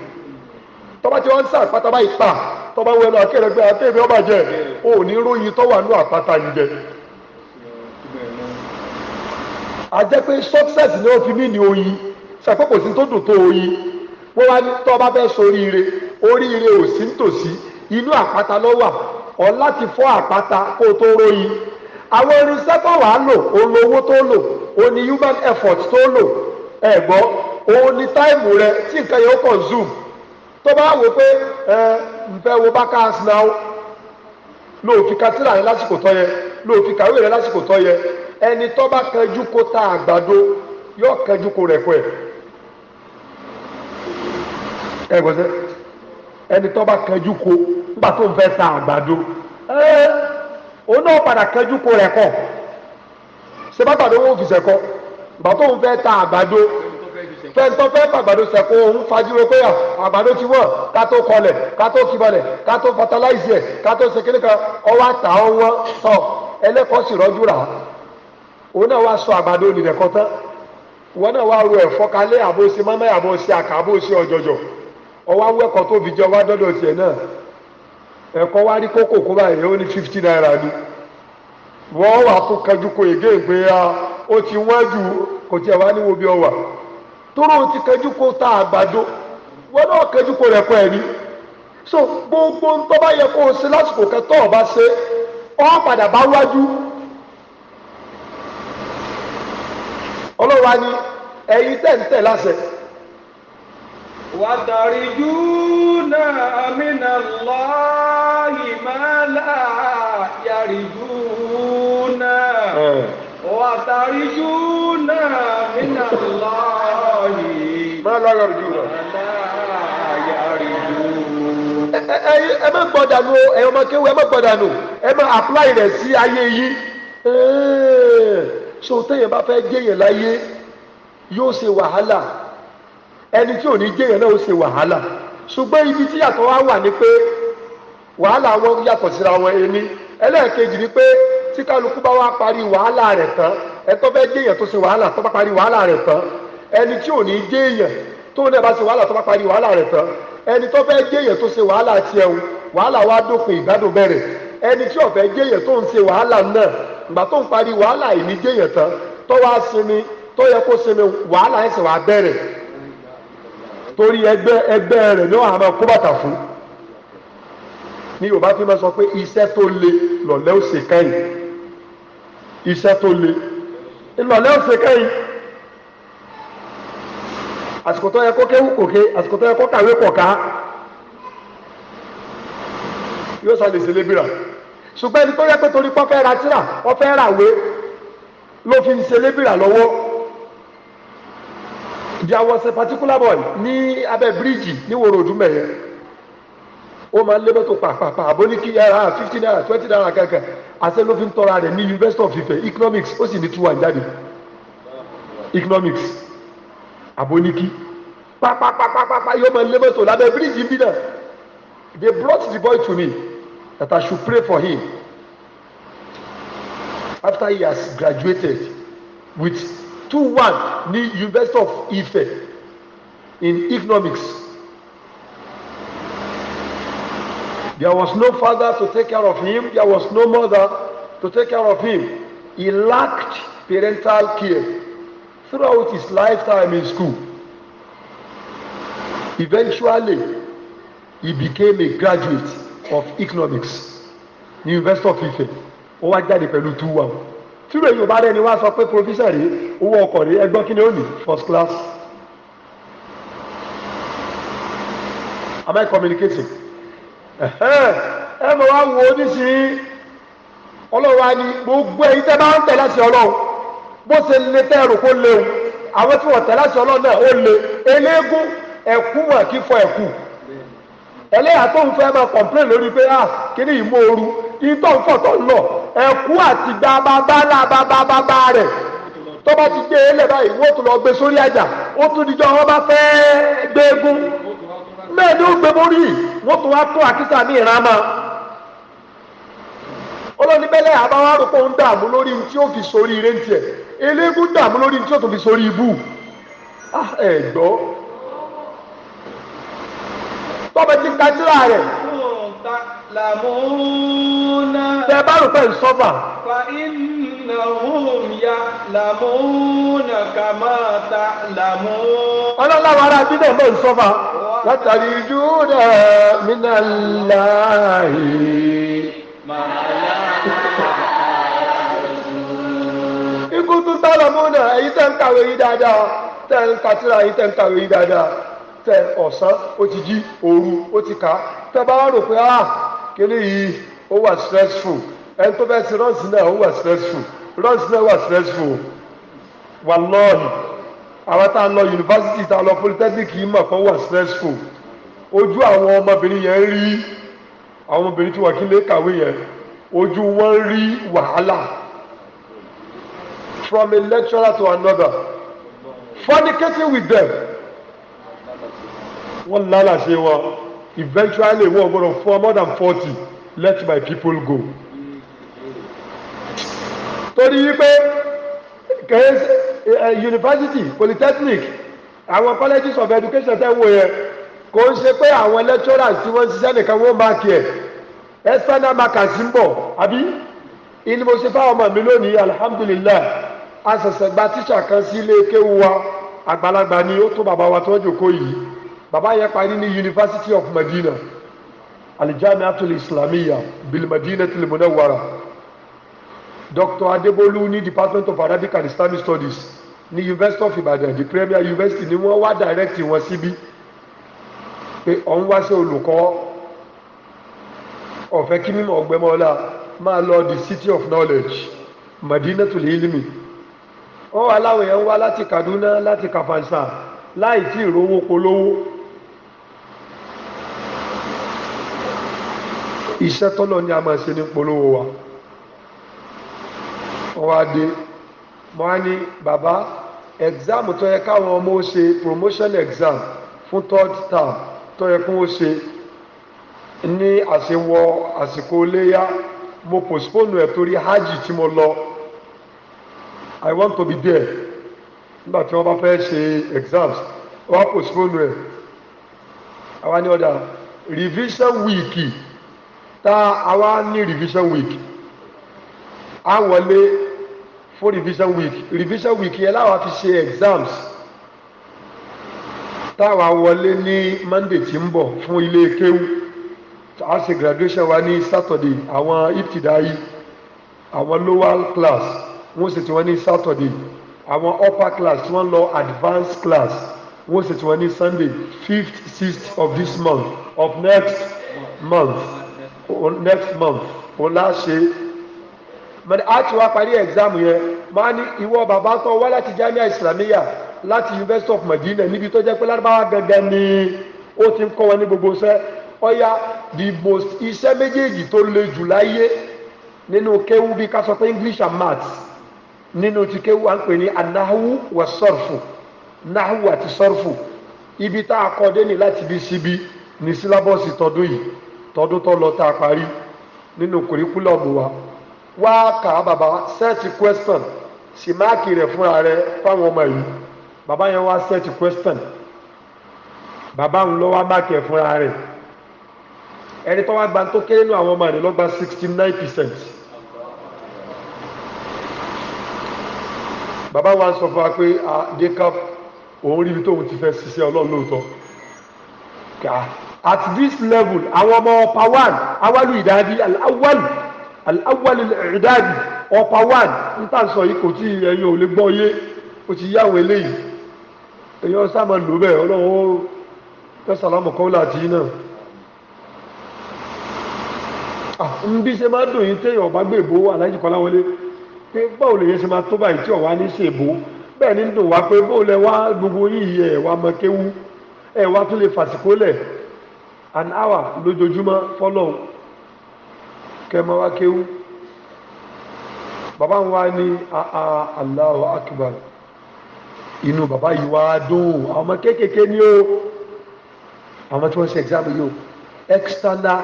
tọ́ba tí wọ́n ń sa àpáta báyìí pa tọ́ba wẹ́ẹ́nu akérègbè akéèmí ọba jẹ ò ní róyin tọ́wọ́ àánú àpáta ń jẹ. a jẹ́ pé success ni o fi mí oyi oyin ṣàpẹ́ sí tó dùn tó oyin wọ́n wá ní tọ́ bá fẹ́ soríire oríire ò sí nítòsí inú àpáta ló wà ọ̀ láti fọ́ àpáta kó o tó róyin àwọn irinṣẹ́ tó wàá lò tó lò ni human effort tó lò ẹ̀gbọ́ o ni táìmù rẹ tí nǹkan consume tó bá wò ẹni tó bá kanjú kó ta àgbàdo yóò kanjú kó rẹ̀ fún ẹ̀ ẹ gbọ́n sẹ́ ẹni tó bá kanjú kó nígbà tó ń fẹ́ ta àgbàdo ẹ òun náà padà kanjú kó rẹ̀ kọ̀ ṣé bá gbàdo wọn ò fi sẹ́kọ̀ nígbà tó ń fẹ́ ta àgbàdo fẹ́ntọ́ fẹ́ fàgbàdo sẹ̀kó òun fajúro pé àgbàdo ti wọ̀ ká tó kọlẹ̀ ká tó kibalẹ̀ ká tó fatalize ẹ̀ ká tó sekele kan ọwọ́ àtà ọwọ́ tọ̀ ẹlẹ́kọ̀ọ́ sì rọ́jú rà òun náà wá sọ àgbàdo nìdẹ̀kọ tán wọn náà wá ro ẹ̀fọ́ kalẹ̀ àbòsí mọ́mọ́ àbòsí àkà àbòsí ọ̀jọ̀jọ̀ ọwọ́ awọ ẹ̀kọ́ tó fi jẹ ọwọ́ dọ́dọ̀ tiẹ̀ náà ẹ̀kọ́ wá rí kókò kó báyìí ó ní fifty naira ni wọ́n wà tó kanjú kó ègé ìgbé ya ó ti wọ́n ju kò tiẹ̀ wá níwo bí ọ wà tóró ti kanjú kó ta àgbàdo wọn náà kanjú kó rẹ̀ kọ́ ẹ̀ ní so gbogbo ntọ́ bá yẹ kó o ṣe lásìkò kẹtọ́ ọ̀ ṣe ọ́ padà bá wájú ọlọ́wà ni ẹ̀yin tẹ̀ǹtẹ̀ lásẹ̀. wàtàrí júùnà àmìnà lọ́ọ̀yì máa là yàrí júùnà wàtàrí júùnà àmìnà lọ́ọ̀yì máa là yàrí júùnà. ẹ má gbọ́dà nù ẹ ọmọ kéwù ẹ má gbọ́dà nù ẹ má apply rẹ̀ sí ayé yìí ṣé o téèyàn bá fẹ́ jẹ́yàn láyé yóò ṣe wàhálà ẹni tí ò ní jẹ́yàn náà ó ṣe wàhálà ṣùgbọ́n ibi tí yàtọ̀ wá wà ni pé wàhálà wọn yàtọ̀ síra wọn ẹni ẹlẹ́ẹ̀kejì ni pé tí kálukú bá wá parí wàhálà rẹ̀ tán ẹtọ́ fẹ́ jẹ́yàn tó ṣe wàhálà tó bá parí wàhálà rẹ̀ tán ẹni tí ò ní jẹ́yàn tó ní ẹ̀bá ṣe wàhálà tó bá parí wàhálà rẹ̀ tán ẹni tó fẹ́ jẹ́yàn tó ṣe wàhálà tiẹ̀ wàhálà wá dópin ìgbádùn bẹ̀rẹ̀ ẹni tí ò fẹ́ jẹ́yàn tó ń ṣe wàhálà náà ìgbà tó ń parí wàhálà ìní jẹ́yàn tán tó wá sinmi tó yẹ kó sinmi wàhálà ẹ̀sìn wà bẹ̀rẹ̀ torí ẹgbẹ́ ẹgbẹ́ rẹ̀ ní wàhálà kó bàtà fún ní yorùbá fi máa sọ pé iṣẹ́ tó le lọ̀lẹ́ ò ṣe kẹ́yìn iṣẹ́ tó le lọ̀lẹ́ ò ṣe kẹ́yìn àsìkò tó yẹ kó kéwù kòkè àsìkò tó yẹ kó kàwé kọ̀ọ̀ká yóò sọ lè lébìrà ṣùgbọ́n ẹni tó yẹ pé torí pọ́ fẹ́ ra tíra wọ́n fẹ́ ra ìwé ló fi ń ṣe lébìrà lọ́wọ́ there was a particular boy ní abẹ́ bíríìjì ní wòrò òdúmẹ̀ yẹn ó máa ń lé mọ́tò pàpàpà àbóníkì ẹ̀rá eh, fifty naira twenty naira kankan àṣẹ ló fi ń tọ́ra rẹ̀ ní University of Ife economics ó sì ní two one jáde economics àbóníkì pàpàpàpàpà yóò máa ń lé mọ́tò lábẹ́ bíríìjì bí náà they brought the boy to me that I should pray for him after he has graduated with two one ní University of Ife in economics. There was no father to take care of him. There was no mother to take care of him. He lacked parental care throughout his lifetime in school. Eventually, he became a graduate of economics university of Ife ó wá jáde pẹ̀lú two one tíro èyí ò bá rẹ ni wọ́n á sọ pé provision rèé owó ọkọ̀ rèé ẹgbọ́n kí ni ó ní first class am I communicating ẹ mọ̀ wá wo nísìnyí ọlọ́run á ní gbogbo ẹ̀yin tẹ́ bá ń tẹ̀lé sí ọlọ́run bó ṣe le tẹ́ ẹ̀rù kó léwu àwọn tí wọ́n tẹ̀lé sí ọlọ́run náà ó le eléégún ẹ̀kú mọ̀ kí fọ ẹ̀kú. ẹlẹ́yà tó ń fẹ́ máa kọ̀m̀plé lórí pé ah kíní yìí mòoru ìtọ̀ ń fọ̀tọ̀ ń lọ ẹ̀kú àti gba bàbá ńlá bàbá bàbá rẹ̀ tó bá ti gbé ẹlẹ́ e báyìí wọ́n tún lọ gbé sórí àjà ó tún dijọ́ wọn bá fẹ́ gbé egun bẹ́ẹ̀ ni ó gbé mórí wọ́n tún wá tún àkísà ní ìrànmọ́ àbáwá rò pé ó ń dààmú lórí tí ó fi sórí ire ń tiẹ̀ dààmú tọ́bẹ̀ ti ka síra rẹ̀. tẹ bá rò pé nsọ́fà. fa iná hùm ya làmúnà kàmá ta làmún. ọlọ́láwọ̀ ará bí náà mọ̀ nsọ́fà. látàrí júdà mínà láàyè. ikú tún sálọmúnà èyí tẹ́ ń kàwé yìí dáadáa tẹ́ ń kàtúrà yìí tẹ́ ń kàwé yìí dáadáa tẹ ọ̀sán ó ti jí òru ó ti kà á tẹ bá rò pé ah kíní yìí ó wà stressful ẹni tó bẹ́ẹ̀ sí rọ́ọ̀sì náà ó wà stressful rọ́ọ̀sì náà wà stressful wà lọ́ọ̀nù àwọn tá a lọ yunifásitì tá a lọ polytechnic yìí mọ̀ kan wà stressful ojú àwọn ọmọbìnrin yẹn rí àwọn ọmọbìnrin tí wọ́n kí lè kàwé yẹn ojú wọn rí wàhálà from a lecturer to another fornicating with them wọ́n lálàṣẹ wọn eventually wọ́n gbọ́dọ̀ fún more than forty let my people go. torí wípé university polytechnic àwọn colleges of education tẹ́ wò yẹn kò ń ṣe pé àwọn lecturers tí wọ́n ń ṣiṣẹ́ nìkan wọ́n máa kí ẹ̀ external markers ń bọ̀ àbí ilé mo ṣe fáwọn ọmọ mi lónìí alhamdulillah a ṣẹ̀ṣẹ̀ gba tíṣà kan sí ilé kéwu wa àgbàlagbà ni ó tó bàbá wa tó jòkó yìí bàbá yẹn parí ní University of Medina atul alijamiatul islamiyya bilimadina tilimunawara Dr. Adebolu ní Department of Arabic and Islamic Studies ní University of Ibadan the Premier University ni wọ́n wá direct wọn síbí pé ọ̀n wá sí olùkọ́ ọ̀fẹ́ kí mímọ̀ ọgbẹ́mọ́lá máa lọ the city of knowledge madinatul ilmi wọ́n wá láwọn èèyàn wá láti Kaduna láti Kafansa láì tí ìrówó polówó. iṣẹ́ tọ́lọ̀ ni a máa ṣe ní polówó wa wọ́n wá dé á ní bàbá exam tó yẹ káwọn ọmọ ó ṣe promotion exam fún third term tó yẹ kó ó ṣe ní àṣewọ àsìkò léyà mo postpone ẹ̀ torí hajj tí mo lọ i want to be there nígbà tí wọ́n bá fẹ́ ṣe exams wọ́n postpone ẹ̀ àwa ní ọ̀dà revision week tá a wá revision week a wọlé fún revision week revision week yẹn láwa fi ṣe exams táwa wọlé ní monday tí ń bọ̀ fún ilé kéwú a ṣe graduation wa ní saturday àwọn ìtìdáyì àwọn lower class wọ́n sì ti wọ́n ní saturday àwọn upper class wọ́n lọ advanced class wọ́n sì ti wọ́n ní sunday fifth sixth of this month of next month next month or last year, mọ̀ni a ti wá parí exam yẹn máa ní ìwọ bàbá tó wá láti Jamia Islamiyya láti University of Medina níbi tó jẹ́ pé lárúbáwá gangan ni ó ti ń kọ́ wọn ní gbogbo iṣẹ́ ọ̀ya the most iṣẹ́ méjèèjì tó le jù láyé nínú kéwú bí ká sọ pé English and maths nínú ti kéwú à ń pè ní anahu wa sọ́ọ̀fù nahu àti sọ́ọ̀fù ibi tá a kọ́ dé ní láti bí síbi ní sílábọ̀sì tọdún yìí tọdún tó lọ tá a parí nínú kòríkúlọ̀mù wa wá kà bàbá sẹ́ẹ̀tì question sì máàkì rẹ fúnra rẹ fáwọn ọmọ yìí bàbá yẹn wá sẹ́ẹ̀tì question bàbá ń lọ wá máàkì ẹ̀ fúnra rẹ ẹni tó wá gba tó kéré nínú àwọn ọmọ rẹ̀ gba sixty nine percent. bàbá wa sọ fún wa pé a dé cap òun ríbi tóun ti kà á. at this level àwọn ọmọ ọpa one awalu ìdádi alawalu alawalu ìdádi ọpa one níta sọ yìí kò tí ẹyin ò lè gbọ́ yé o ti yáwó eléyìí èyàn sáàmà lò bẹ́ẹ̀ ọlọ́wọ́ tẹ́sàlámù kọ́lá àti iná ń bí ṣe máa dùn yín téèyàn ọba gbé ìbò aláìjì kọ́lá wọlé pé báwo lè yẹn ṣe máa tó báyìí tí ọ̀wá ní ṣe ìbò bẹ́ẹ̀ ni dùn wá pé báwo lẹ wá gbogbo yìí ẹ̀ wá mọ kéwú ẹ̀ wá tún lè fàsìkò lẹ̀ an hour lójoojúmọ́ fọ́lọ́hun kẹmọ́ wá kéwú bàbá wa ní àà Allahu akbar inú bàbá yìí wá dùn àwọn ọmọ kéékèèké ní o àwọn tí wọ́n ṣe exam yìí o external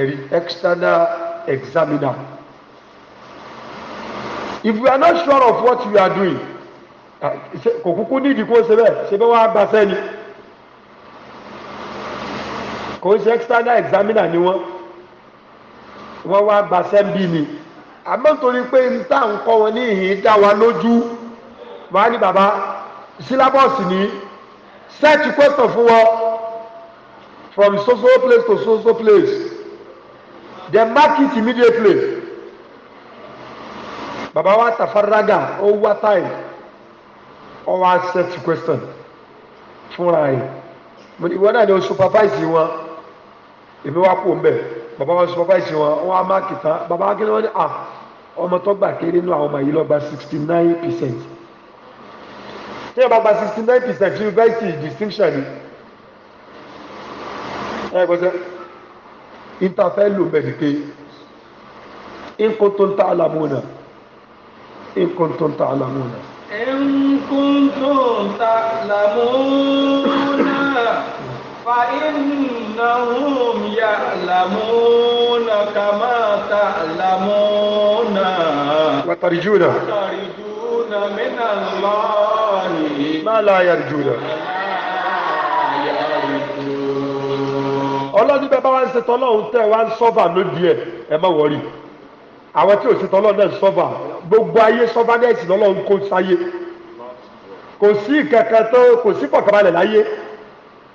ẹ̀rí external examiner if you are not sure of what you are doing kò kúkú nídìí kó ṣe bẹ́ẹ̀ ṣe bẹ́ẹ̀ wá gbàṣẹ́ ni kò ń ṣe external examiner ni wọ́n wọ́n wá gba sẹ́ńbì ni àmọ́ nítorí pé n tá à ń kọ́ wọn ní ìhìn dá wa lójú wàá ní bàbá sílábọ̀sì ní search question fún wọn from so place to so place then mark it immediately bàbá wa tafaraga ó wá time ó wá search question fúnra ẹ̀ ìwọ náà ni o supervise wọn èmi wá kó mbẹ bàbá wọn sọ bàbá ìṣe wọn wọn á máàkì tán bàbá wọn kéde wọn ní à ọmọ tó gbà kéré nínú àwọn ọmọ yìí lọ gba sixty nine percent tí yẹn bá gba sixty nine percent university distinction ni ẹ gbọ́dọ̀ interfẹ́ lò mbẹ ni pé nǹkan tó ń ta àlàmúnà nǹkan tó ń فإنهم يعلمون كما تعلمون وترجون وترجون من الله ما لا يرجون ọlọ́dún bẹ́ẹ̀ bá wá ń ṣe tọ́lọ́hún tẹ́ wá ń sọ́fà lódìí ẹ̀ ẹ má wọrí àwọn tí ò ṣe tọ́lọ́hún náà sọ́fà gbogbo ayé sọ́fà náà sì lọ́lọ́hún kó sáyé kò sí ìkẹ̀kẹ́ tó kò sí pọ̀kàbalẹ̀ láyé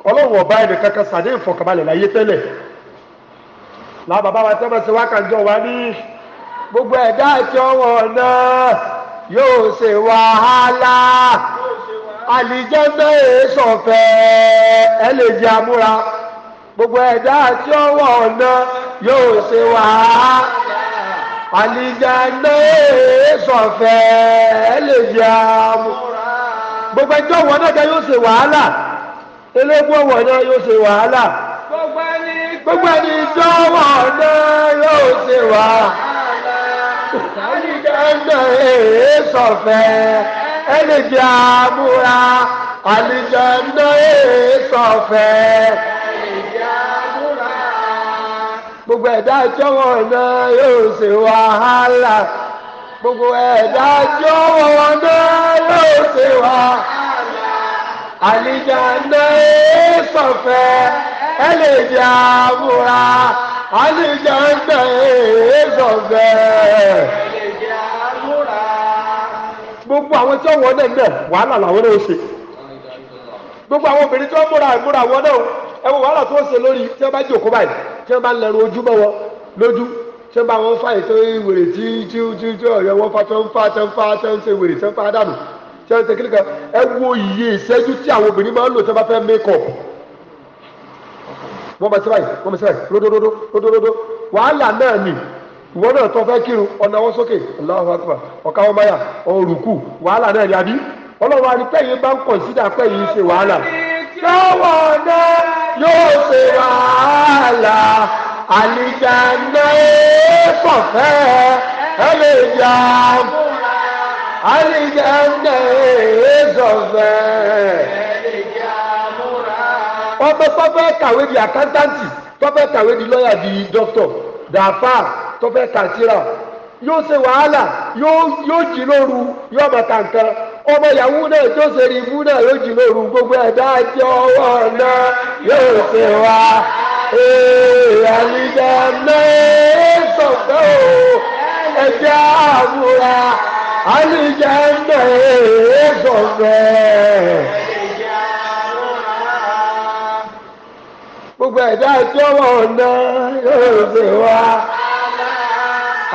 ọlọ́run ọba ẹnì kankan sàdé ìfọkànbalẹ̀ láyé tẹ́lẹ̀ làwọn bàbá wa tẹ́lẹ̀ sí wákàtí wa ní gbogbo ẹ̀dá àti ọwọ́ náà yóò ṣe wàhálà àlìjẹ́ńdẹ́ èésọ̀fẹ́ ẹ lè jẹ amúra gbogbo ẹ̀dá àti ọwọ́ náà yóò ṣe wàhálà àlìjẹ́ńdẹ́ èésọ̀fẹ́ ẹ lè jẹ amúra gbogbo ẹjọ́ wọn náà yóò ṣe wàhálà eléégún ọ̀wọ̀ náà yóò ṣe wàhálà gbogbo ẹni dọ́wọ̀ náà yóò ṣe wàhálà àlìjẹ́ndẹ̀ èé sọ̀fẹ́ ẹni bí amúra àlìjẹ́ndẹ̀ èé sọ̀fẹ́ gbogbo ẹ̀dá jọ́wọ́ náà yóò ṣe wàhálà gbogbo ẹ̀dá jọ́wọ́ náà yóò ṣe wàhálà àlìjáná èèsọ̀fẹ́ ẹ lè jẹ àmúra àlìjáná èèsọ̀fẹ́ gbogbo àwọn tí wọ́n náà náà wàhálà làwọn náà ṣe gbogbo àwọn obìnrin tí wọ́n múra ìmúra wọn náà ẹ wọ wàhálà tí wọ́n ṣe lórí tí wọ́n bá jòkó báyìí tí wọ́n bá ń lẹ́nu ojú bọ́ lójú tí wọ́n bá wọn fà ètò ìwèrè tí tí tí ọ̀rẹ́ wọn fa tó ń fa tó ń fa tó ń ṣe ìwèrè tó ń fa dànù ṣẹ́yìn tẹ́kílì kan ẹ wo iye ìṣẹ́jú tí àwọn obìnrin máa ń lò tí wọ́n bá fẹ́ mékọ̀ wọ́n bá síbáyì wọ́n bá síbáyì ródódódó ródódódó wàhálà náà nì ìwọ náà tó fẹ́ kírun ọ̀nà wọn sókè Allahu Akbar ọ̀ka wọn báyà ọ̀rùkù wàhálà náà ni àbí ọlọ́wọ́ arípẹ́yìn bá ń kọ̀nsídà pẹ́yìn ṣe wàhálà lọ́wọ́ náà yóò àlìjáde ìzọ̀fẹ́. ọmọ pọ́fẹ́ kàwé di àkántáǹtì pọ́fẹ́ kàwé di lọ́ọ̀yà di dókítà dàfà tọ́fẹ́ kàtírà yóò se wàhálà yóò jí lóru yóò bàtà nǹkan ọmọ ìyàwó náà tó ṣe rí ibú náà yóò jí lóru gbogbo ẹ̀dá àti ọwọ́ náà yóò ṣe wá àlìjáde o ẹ̀jẹ̀ àmúra àlìjáná èèkọ̀ọ̀rẹ́. gbogbo ẹ̀dá ìjọba ọ̀nà yóò ṣe wá.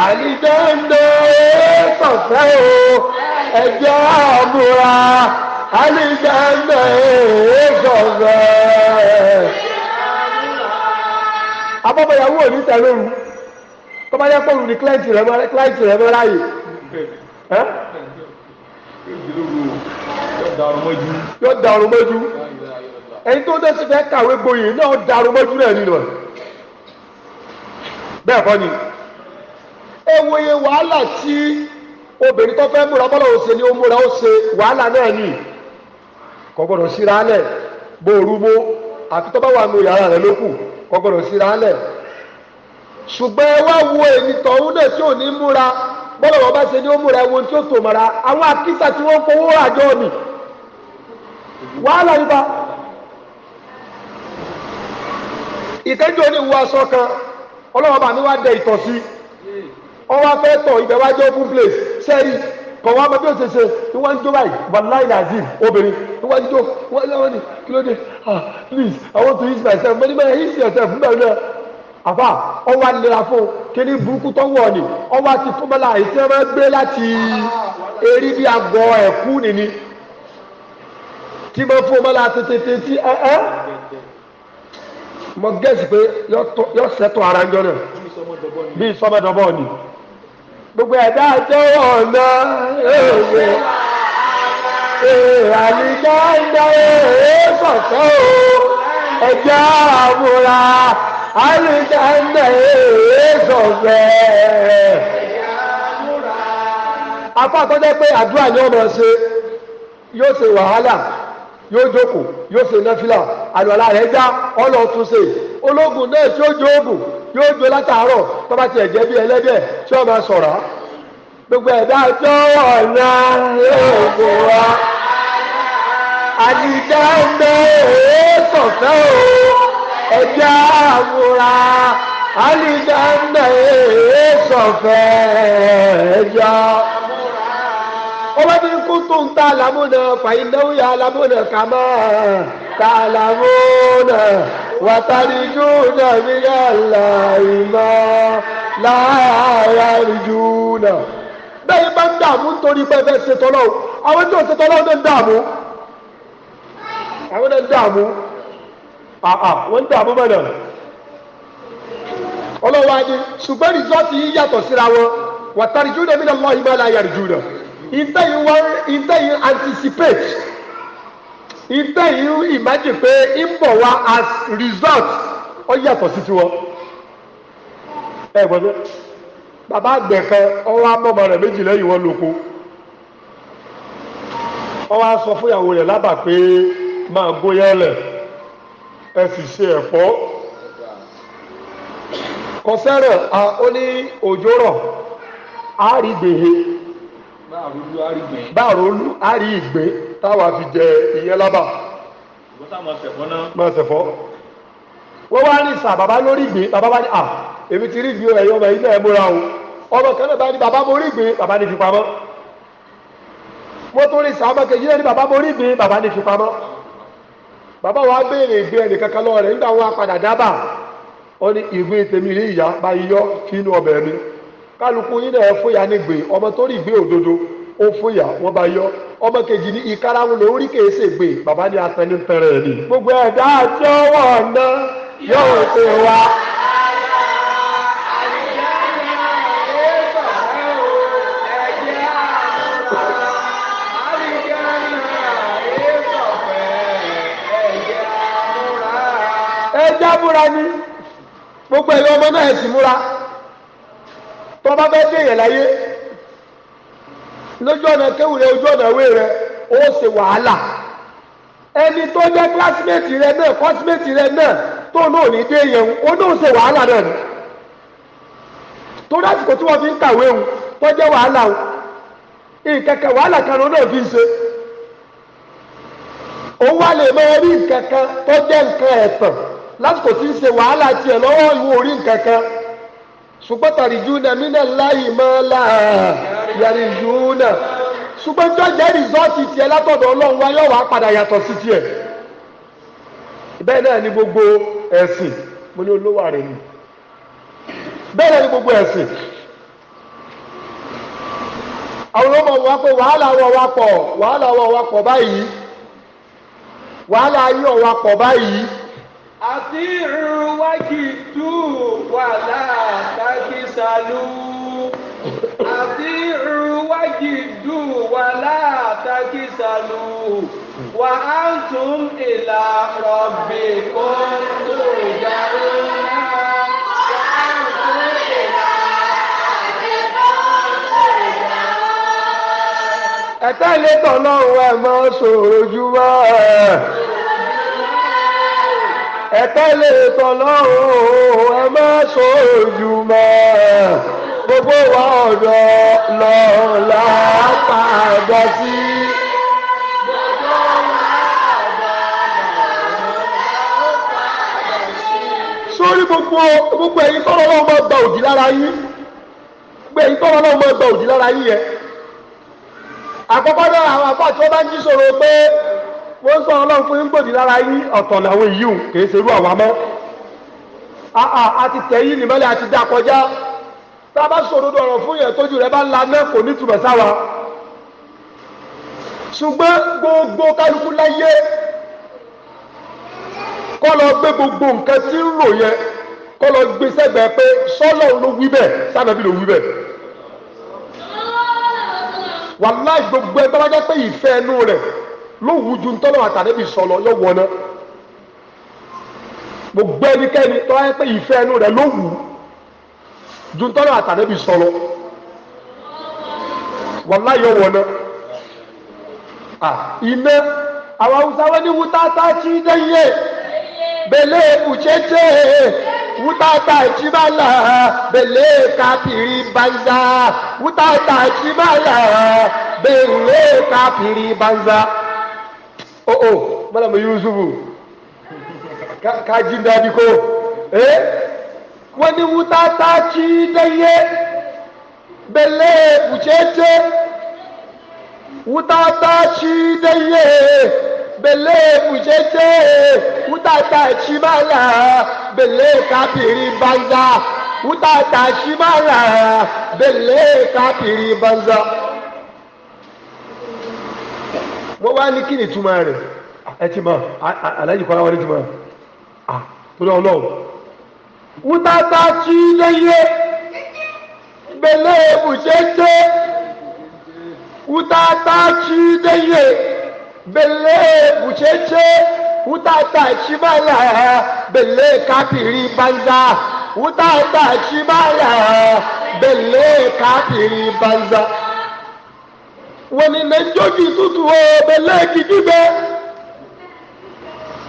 àlìjáná èèkọ̀ọ̀rẹ́ o ẹ̀jẹ̀ àmúra àlìjáná èèkọ̀ọ̀rẹ́. abọ́bọ̀yàwó ò ní tẹ̀lé òun tó bá yẹ kó olùdí kílẹ̀ǹtì rẹ̀ mọ́ ráyè. yóò dàrú mọ́jú ẹni tó dẹ́sí fẹ́ kàwé gboyè náà dàrú mọ́jú náà nínú ẹ̀ bẹ́ẹ̀ kọ́ ni ẹ wàhálà tí obìnrin tó múra ni ó múra wàhálà náà bó o rúgbó wà nù yàrá lókù síra ẹ wá wo ènìtọ̀ náà bọ́lá wọn bá ṣe ní ọmọ rẹ wọn tí ó tò mara àwọn àkísà tí wọ́n fowó àjọ ni wàhálà nípa ìtẹ́jú oníwù aṣọ kan ọlọ́wọ́ bá mi wá dẹ ìtọ̀ sí ọwọ́ afẹ́ tọ̀ ibẹ̀ wá jẹ́ open place sẹ́yìn kọ̀ wá mọ bí ó ṣe ṣe ni wọ́n ń jó báyìí wàláì nàzim obìnrin ni wọ́n ń jó wọ́n ní kí ló dé ah please i want to ease myself many yourself nígbà àfà ọwọ́ àlera fún kíní burúkú tó ni ọwọ́ àti kọ́mọ́lá ètí ẹ máa gbé láti erí bí agọ ẹ̀kú nìní tí mo fún ọmọlá tètè tí ẹ ẹ mo gẹ́sì pé yọ sẹ́tọ̀ ara jọ náà bí sọmọdọ̀bọ̀ ni gbogbo ẹ̀dá jẹ́wọ́ ọ̀nà èèyàn èèyàn àníkà ń dá èèyàn sọ̀tọ̀ o àmúra àlùjáná èso bẹ́ẹ̀. afá àtọ́jẹ́ pé àdúrà ni wọ́n máa ṣe yóò ṣe wàhálà yóò jókòó yóò ṣe náfìlà àlùwàlà rẹ̀ já ọlọ́ọ̀túnṣe ológun náà tí ó jó oògùn yóò jó látàárọ̀ tó bá tiẹ̀ jẹ́ bí ẹlẹ́dẹ̀ tí wọ́n máa sọ̀rọ̀ gbogbo ẹ̀dá tó ọ̀nà èèbò wa àdìdá ń bẹ èèkọ̀fẹ́ o ẹja àwòrà alìjáńdà èèsọ̀fẹ́ ẹja. wọ́n bá ti ń kú tó ń ta àlámúnà fàyíndáwúyà àlámúnà kàmá ta àlámúnà wàtàlíjú náà mi yà láìmọ́ láàárárìjú náà. bẹ́ẹ̀ bá ń dààmú nítorí pé ẹ ṣe tọ́lọ́ àwọn tí ò ṣe tọ́lọ́ ń dààmú àwọn náà ń dààmú. àà ah, ah, wọ́n ń ọlọ́wọ́ adé ṣùgbọ́n rìsọ́ọ̀tì yìí yàtọ̀ síra wọn wàtàrí júdà mí lọ́wọ́ ìgbà náà yàrá júdà ìtẹ̀yìn wọ́n ìtẹ̀yìn anticipate ìtẹ̀yìn imagine pé ń bọ̀ as result ọ yàtọ̀ sí tiwọn ẹ gbọ́n mi bàbá àgbẹ̀ ọwọ́ amọ́mọ rẹ̀ méjì lẹ́yìn wọn lóko ọwọ́ ẹ sì ṣe ẹ̀fọ́ kọsẹ́rẹ̀ ó ní òjò rọ̀ á rí gbèhé báàrólú á rí ìgbé táwa fi jẹ ìyẹn lábà máa ṣẹ̀fọ́ wọ́n wá ní sà bàbá lórí gbé bàbá bá ní à èmi ti rí gbé ẹ̀yọ́ ọmọ ilé ẹ̀ múra o ọmọ kan náà bá ní bàbá mo rí gbé bàbá ní fipamọ́ mo tún rí sà ọmọ kejì náà ní bàbá mo rí gbé bàbá ní fipamọ́. Baba wa béèrè ìgbé ẹnì kankan lọ rẹ̀ nígbà wọn apàdà dábà ó ní ìgbé tèmi rí ìyá bá yíyọ kí inú ọbẹ̀ mi kálukú yín náà fóyà nígbè ọmọ tó rí ìgbé òdodo ó fóyà wọn bá yọ ọmọ kejì ní ìkarahun ló rí kèése gbè bàbá ní ni. gbogbo ẹja múra ni gbogbo ẹ̀yọ́ ọmọ náà ẹ̀sìn múra tó bá fẹ́ dé yẹ̀ láyé lójú ọ̀nà kéwù rẹ ojú ọ̀nà ìwé rẹ ó ṣe wàhálà ẹni tó jẹ́ kílásímẹ́tì rẹ náà kọ́símẹ́tì rẹ náà tó náà ní dé yẹn ó náà ṣe wàhálà náà ni tó lásìkò tí wọ́n fi ń kàwé òun tó jẹ́ wàhálà o ìkẹ̀kẹ̀ wàhálà kan náà fi ń ṣe òun wà lè mọ orí ìkẹ̀kẹ̀ tó jẹ́ nǹkan ẹ̀tàn. kò tí ń ṣe wàhálà tiẹ̀ lọ́wọ́ ìwò orí nǹkan kan ṣùgbọ́n tàríjú náà mí náà láyì mọ́ láà yàrìjú náà ṣùgbọ́n tó jẹ́ rìsọ́ọ̀tì tiẹ̀ látọ̀dọ̀ ọlọ́run wa yóò padà yàtọ̀ sí tiẹ̀ bẹ́ẹ̀ náà ni gbogbo ẹ̀sìn mo ní olówó ni bẹ́ẹ̀ náà gbogbo ẹ̀sìn àwọn ọmọ wa pé wàhálà pọ̀ wàhálà pọ̀ báyìí wàhálà ayé àti ìrùwájì tù wà látàkì sàlù àti ìrùwájì tù wà látàkì sàlù wà á tún ìlà rọ̀bì kan tó yàrá. ẹ̀tẹ́ ìletọ̀ wá ẹ̀ ẹ̀tọ́ lè tọ̀lọ́rùn ẹ má sojú mọ́ gbogbo wa ọ̀dọ́ lọ́la pàdé sí. sórí gbogbo gbogbo ẹ̀yin tọ́lọ́ náà máa gba òdì lára yín gbogbo ẹ̀yin tọ́lọ́ náà máa gba òdì lára yín yẹn àkọ́kọ́ náà àwọn àpá tí wọ́n bá ń jí sọ̀rọ̀ pé. wọ́n sọ ọlọ́run fún gbòdì lára yín ọ̀tọ̀ làwọn èyí ò kìí ṣerú àwa mọ́ a ti tẹ̀ yín nìmọ́lẹ̀ a ti dá kọjá tá a bá sòdodo ọ̀rọ̀ fún yẹn tójú rẹ bá la náà kò ní túbọ̀ sáwa ṣùgbọ́n gbogbo kálukú láyé kọ́ lọ gbé gbogbo nǹkan tí ń rò yẹn kọ́ lọ gbé sẹ́gbẹ̀ẹ́ pé sọ́lọ̀ ló wí bẹ́ẹ̀ sábẹ́bí ló wí bẹ́ẹ̀ wàláì gbogbo ẹ bá pé ìfẹ́ ẹnu rẹ̀ lóhùn ju ntọ́lọ́ àtàlẹ́bí sọlọ yọ wọná gbogbo ẹnikẹ́ni tó wáyé pé ìfẹ́ ẹnu rẹ lóhùn ju ntọ́lọ́ àtàlẹ́bí sọlọ wàlá yọ wọná iná àwọn haúsá wọn ní wútátá tí dẹ́yẹ bẹ̀lẹ́ kùchẹ́chẹ́ wútátá ìjìbálà bẹ̀lẹ́ kápìrì banza wútátá ìjìbálà bẹ̀lẹ́ kápìrì banza oh oh malama yusufu ka ji daɗi ko eh wani wuta ta ci daye, belle bucece wuta ta ci danye belle bucece wuta ta ci mala belle kafirin banza wuta ta ci mala belle kafirin banza wọ́n wá ní kí ni túmọ̀ rẹ̀ ẹ ti mọ̀ aláìjì kọ́lá wọlé ti mọ̀ torí ọlọ́wọ́ wútátá tí lẹ́yẹ gbẹlẹ́ bùṣẹ́ṣẹ́ wútátá tí lẹ́yẹ gbẹlẹ́ bùṣẹ́ṣẹ́ wútátá tí máa là gbẹlẹ́ kápìrì banza wútátá tí máa là gbẹlẹ́ kápìrì banza weninanjogi tutu o beleki dibe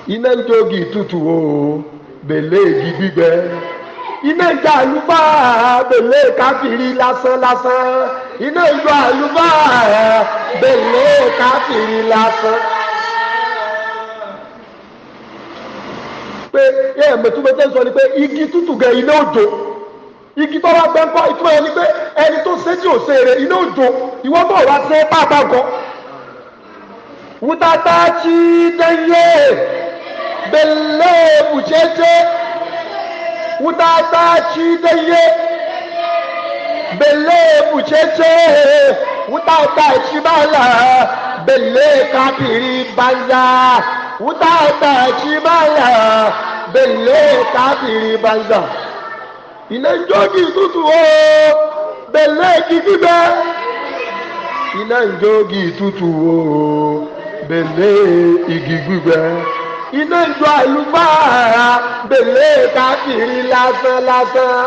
iná ń jogi tutù o bèlè igi gbígbẹ iná ń ja àlùbá bèlè káfíìrì lásán lásán iná ń jo àlùbá bèlè káfíìrì lásán. pé ẹ mẹtúmẹtẹ sọ ni pé igi tútù gẹ iná òjò igi tó bá gbẹ́ńkọ́ ìtumọ̀ ẹni pé ẹni tó ṣe tí ò ṣe eré iná òjò ìwọ tó wá ṣe pàápàá gan. wútátá tí dẹ́yẹ bẹ̀lẹ́ bùjẹ́jẹ́ wútátá tí dẹ́yẹ bẹ̀lẹ́ bùjẹ́jẹ́ wútátá tí bá bẹ̀lẹ́ kábìrì bá yá tí bá bẹ̀lẹ́ kábìrì bá ilẹ̀ njógi tútù o bẹ̀lẹ̀ kìkì bẹ́ ilẹ̀ njógi tútù o bẹ̀lẹ̀ igi gbígbẹ́ iná ìjọ àlùbáàrà bèlè káàkiri lásán lásán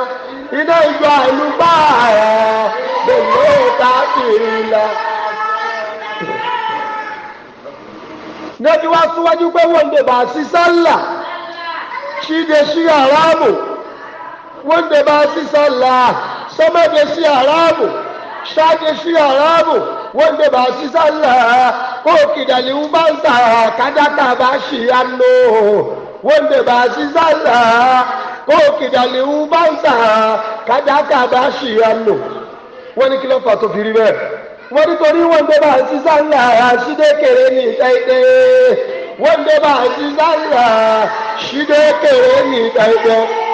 iná ìjọ àlùbáàrà bèlè káàkiri lásán. Nẹ́bí wá síwájú pé wọ́n lè bá sí sálà ṣíde sí àrámù wanda ba su sallah sama da shi haramu sha da shi haramu wanda ba su sallah ko kidalin banza kadaka ba shi hannu wanda ba su sallah ko kidalin banza kadaka ba shi hannu wani kilo fato firi bẹ́ẹ̀ wọ́n nítorí wọ́n dé bá sí sálà ṣídékèrè ní ìtẹ́ẹ́tẹ́ wọ́n dé bá sí sálà ṣídékèrè ní ìtẹ́ẹ́tẹ́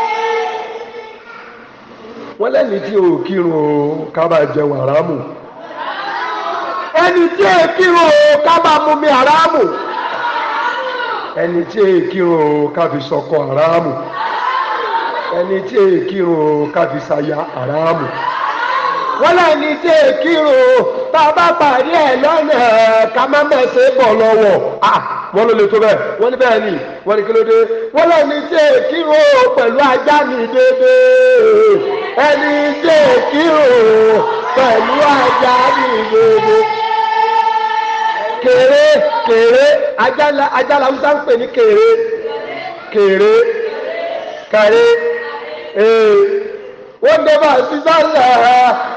wọ́n lẹ́ni tí ò kírun o kábà jẹun àràmù ẹni tí ò kírun o kábà mú mi àràmù ẹni tí ò kírun o káfi sọkọ àràmù ẹni tí ò kírun o káfi ṣaya àràmù wọ́n lẹ́ni tí ò kírun o tá pàdé ẹ̀ lọ́nà ká má mẹ́sẹ̀ bọ̀ ló lè tó bẹ́ẹ̀ wọ́n ní bẹ́ẹ̀ ni wọ́n ní kí ló dé wọ́n lẹ́ni tí ò kírun o pẹ̀lú ajá mi déédéé ẹni tí èkì òòrùn pẹ̀lú ajá ní ìgbèrè. Kèrè kèrè ajá làwùjá ń pè ní kèrè kèrè kèrè ee wọ́n bá sí sálà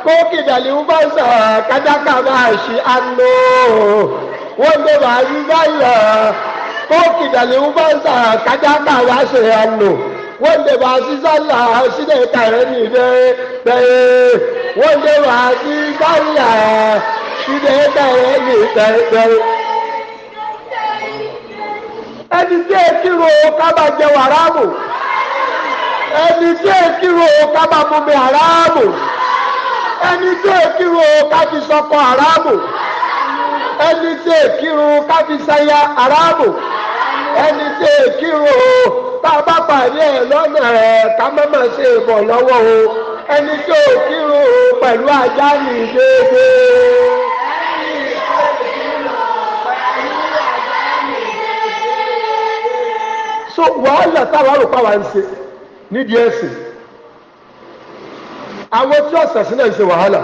kó kìdàlí ń bá sà kájáká máa ṣe àná wọ́n bá sí sálà kó kìdàlí ń bá sà kájáká máa ṣe àná wanda ba su sallah shi ne karami ne ɗaya wanda ba su sallah shi ne karami ɗaya ẹni tí ẹ kírò kábà jẹ wàràmù ẹni tí ẹ kírò kábà mumi àràmù ẹni tí ẹ kírò kábì sọkọ àràmù ẹni tí ẹ kírò kábì sẹyà àràmù ẹni tí èkìrò o tá a bá pàdé ẹ lọ́nà ẹ̀ ká má má ṣe ìbọ̀ lọ́wọ́ o ẹni tí èkìrò o pẹ̀lú ajá nì déédéé. so wàhálà táwa rò pa wá ń ṣe nídìí ẹ̀sìn àwọn tí ọ̀sẹ̀ sílẹ̀ ń ṣe wàhálà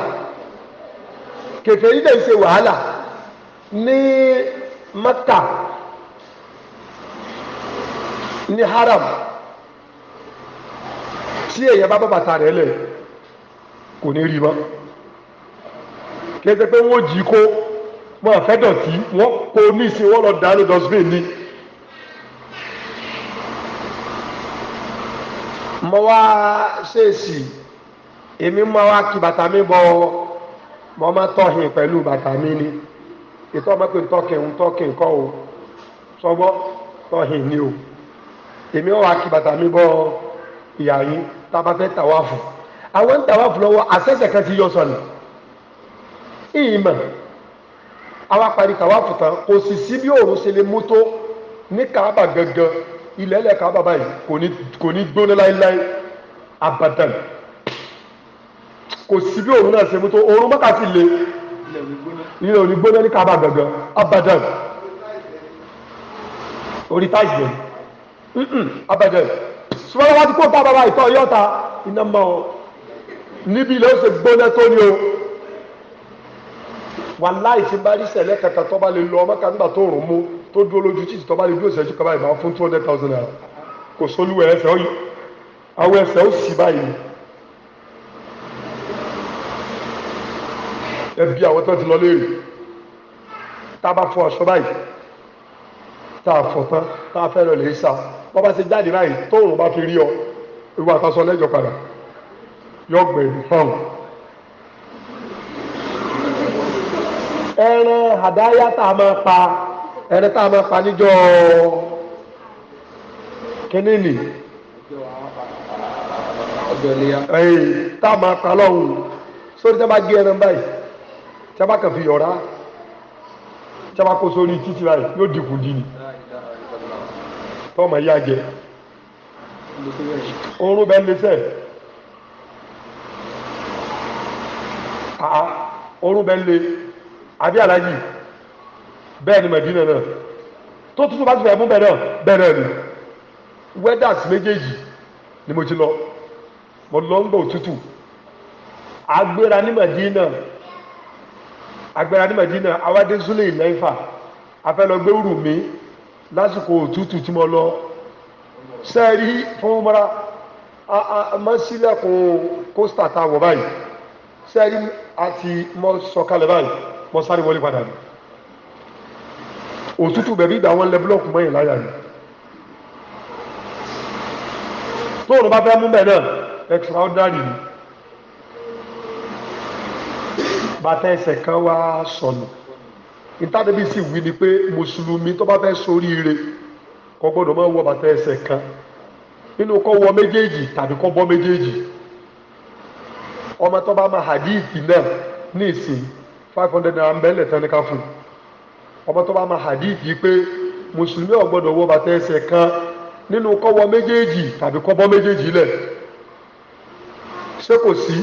kèfèrí dẹ̀ ń ṣe wàhálà ní mẹ́ta ní haram tí èèyàn bá bá bàtà rẹ̀ lẹ̀ kò ní rí mọ́ kẹsẹ̀ pé wọ́n jí kó wọ́n fẹ́ dọ̀tí wọ́n kó ní ìsìn wọ́n lọ dáná dustbin ni. mo wá ṣèèṣì èmi mo wá kí bàtà mi bọ mo máa tọ̀hìn pẹ̀lú bàtà mi ni ìtọ́ mọ́ pé tọkìn ń tọkìn kọ́ o sọgbọ́ tọ̀hìn ni o. So, èmi wà kí bàtà mi bọ ìyá yín tá a bá fẹ́ tàwáàfù àwọn ń tàwáàfù lọ́wọ́ àṣẹ̀ṣẹ̀ kan ti yọ sọnù ìmọ̀ àwa parí tàwáàfù tán kò sì sí bí òòrùn ṣe lè mú tó ní Kaaba gangan ilẹ̀ ilẹ̀ Kaaba báyìí kò ní gbóná láéláé abadan kò sí bí òòrùn náà ṣe mú tó òòrùn mọ́kà sí le ilẹ̀ òní gbóná ní Kaaba gangan abadan orí táìsì lẹ́yìn abẹ́jẹ́ sùpàdé wa ti kó ta bàbá ìtọ́ yọ̀ta iná mọ́ ọ níbi ilé ó ṣe gbóná tó ní o wàláì tí bá rí sẹ̀lẹ̀ kankan tó bá lè lọ ọmọ kan nígbà tó rùn mú tó dúró lójú títí tó bá lè dúró ìṣẹ́jú kan báyìí máa fún two hundred thousand naira kò sólúwẹ̀ ẹ̀fẹ̀ ó àwọn ẹ̀fẹ̀ ó sì báyìí ẹbí àwọn tó ti lọ léèrè tá a bá fọ aṣọ báyìí tá a fọ tán tá a fẹ́ lọ lè sá bọ́ba ṣe jáde báyìí tóòrùn bá fi rí ọ ìwà àtàsọ lẹ́jọ́ padà yọ gbèrú hàn. ẹran àdáyá tá a máa pa ẹran tá a máa pa níjọ́ kínní nì tá a máa pa lọ́hùn sórí tí a bá gé ẹran báyìí tí a bá kàn fi yọ̀rá tí a bá kó sórí títí báyìí yóò dínkù dín tọ́mọ yá jẹ oorun bẹ́ẹ̀ lé sẹ́ẹ̀ àá oorun bẹ́ẹ̀ lé àbí alájì bẹ́ẹ̀ ni mẹ̀dínà náà tó tútù bá ti fẹ́ mú bẹ́ẹ̀ náà bẹ́ẹ̀ náà ni wẹ́dàs méjèèjì ni mo ti lọ mo lọ ń gbọ́ òtútù agbéra ní mẹ̀dínà agbéra ní mẹ̀dínà awádé zulé ìlẹ́fà afẹ́lọ́gbé wùrù mi lásìkò òtútù tí mo lọ sẹ́ẹ̀rí fún mọ́ra mọ́sílẹ̀kùn kóstà tá a wọ̀ báyìí sẹ́ẹ̀rí àti mọ́ sọ̀kalẹ̀ báyìí mọ́ sáré wọlé padà ní òtútù bẹ̀bí ìgbà wọn lẹ búlọ̀kù mọ́yìn láyà ní tóòrùn bá fẹ́ mú bẹ̀ náà extraordinary ni bàtà ẹsẹ̀ kan wá sọnù. So ìtàdébí sì wí ni pé mùsùlùmí tó bá fẹ́ ṣoríire kò gbọ́dọ̀ máa wọ bàtà ẹsẹ̀ kan nínú kó wọ méjèèjì tàbí kó bọ́ méjèèjì ọmọ tó bá máa hadithi náà ní ìsìn five hundred naira mbẹ́lẹ̀ tán ní ká fún ọmọ tó bá máa hadithi pé mùsùlùmí ò gbọ́dọ̀ wọ bàtà ẹsẹ̀ kan nínú kó wọ méjèèjì tàbí kó bọ́ méjèèjì lẹ̀ ṣé kò sí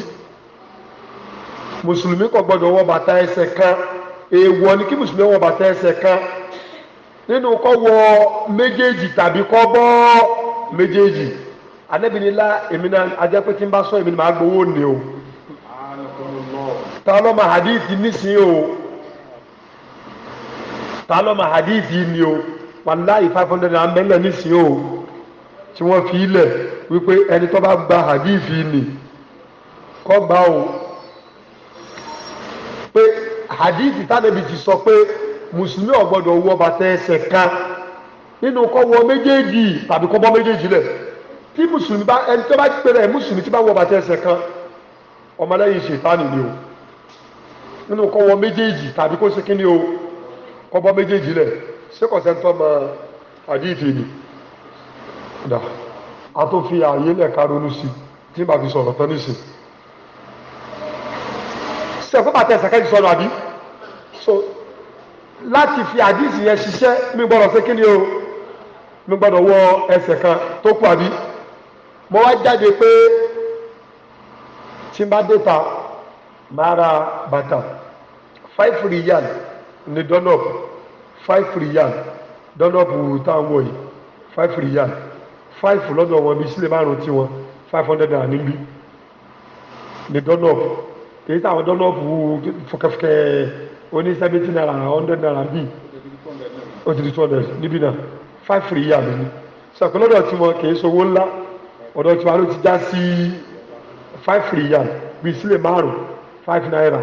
mùsùlùmí kò gbọ́dọ̀ wọ bàtà ẹsẹ̀ kan èèwọ̀ ni kí mùsùlùmí wọ bàtà ẹsẹ̀ kan nínú kọ́ wọ méjèèjì tàbí kọ́ bọ́ méjèèjì anẹ́bìnilá èmi náà ajẹ́ pé tí n bá sọ èmi ni màá gbowó ni o ta ló ma hadithi nísìnyí o ta ló ma hadithi ni o wàláyé five hundred naira mẹ́lẹ̀ nísìnyí o tí wọ́n fi ilẹ̀ wípé ẹni tó bá gba hadithi ni kọ́ gbà o pé hadithi tánàbì ti sọ pé mùsùlùmí ò gbọ́dọ̀ wọ bàtà ẹsẹ̀ kan nínú kó wọ méjèèjì tàbí kó bọ́ méjèèjì lẹ̀ tí mùsùlùmí bá ẹni tó bá pèrè mùsùlùmí tí bá wọ bàtà ẹsẹ̀ kan ọmọlẹ́yìn ṣètánì ni o nínú kó wọ méjèèjì tàbí kó ṣe kíni o kó bọ́ méjèèjì lẹ̀ ṣé kò sẹ́ńtọ́ mọ hadithi ni dà a tó fi ààyè lẹ̀ ká ronú sí tí màá fi sọ̀rọ̀ tán nísìnyí sẹ̀fọ́ bàtà ẹsẹ̀ kẹ́ so láti fi àdìsí yẹn ṣiṣẹ́ mi gbọ́dọ̀ ṣe kí ni o mi gbọ́dọ̀ wọ ẹsẹ̀ kan tó kù àbí mo wá jáde pé tí n bá dé ta màá ra bàtà five riyal ní dunlop five riyal dunlop táwọn yìí five riyal five lọ́dọ̀ wọn bíi sílẹ̀ márùn-ún tiwọn five hundred naira níbí ní dunlop èyí táwọn dunlop fúkẹ́fúkẹ́. ó ní seventy naira and hundred naira bíi ó ti di two hundred níbí na five free yà mí ni ti ńlá ti já sí five free yà bíi márùn five naira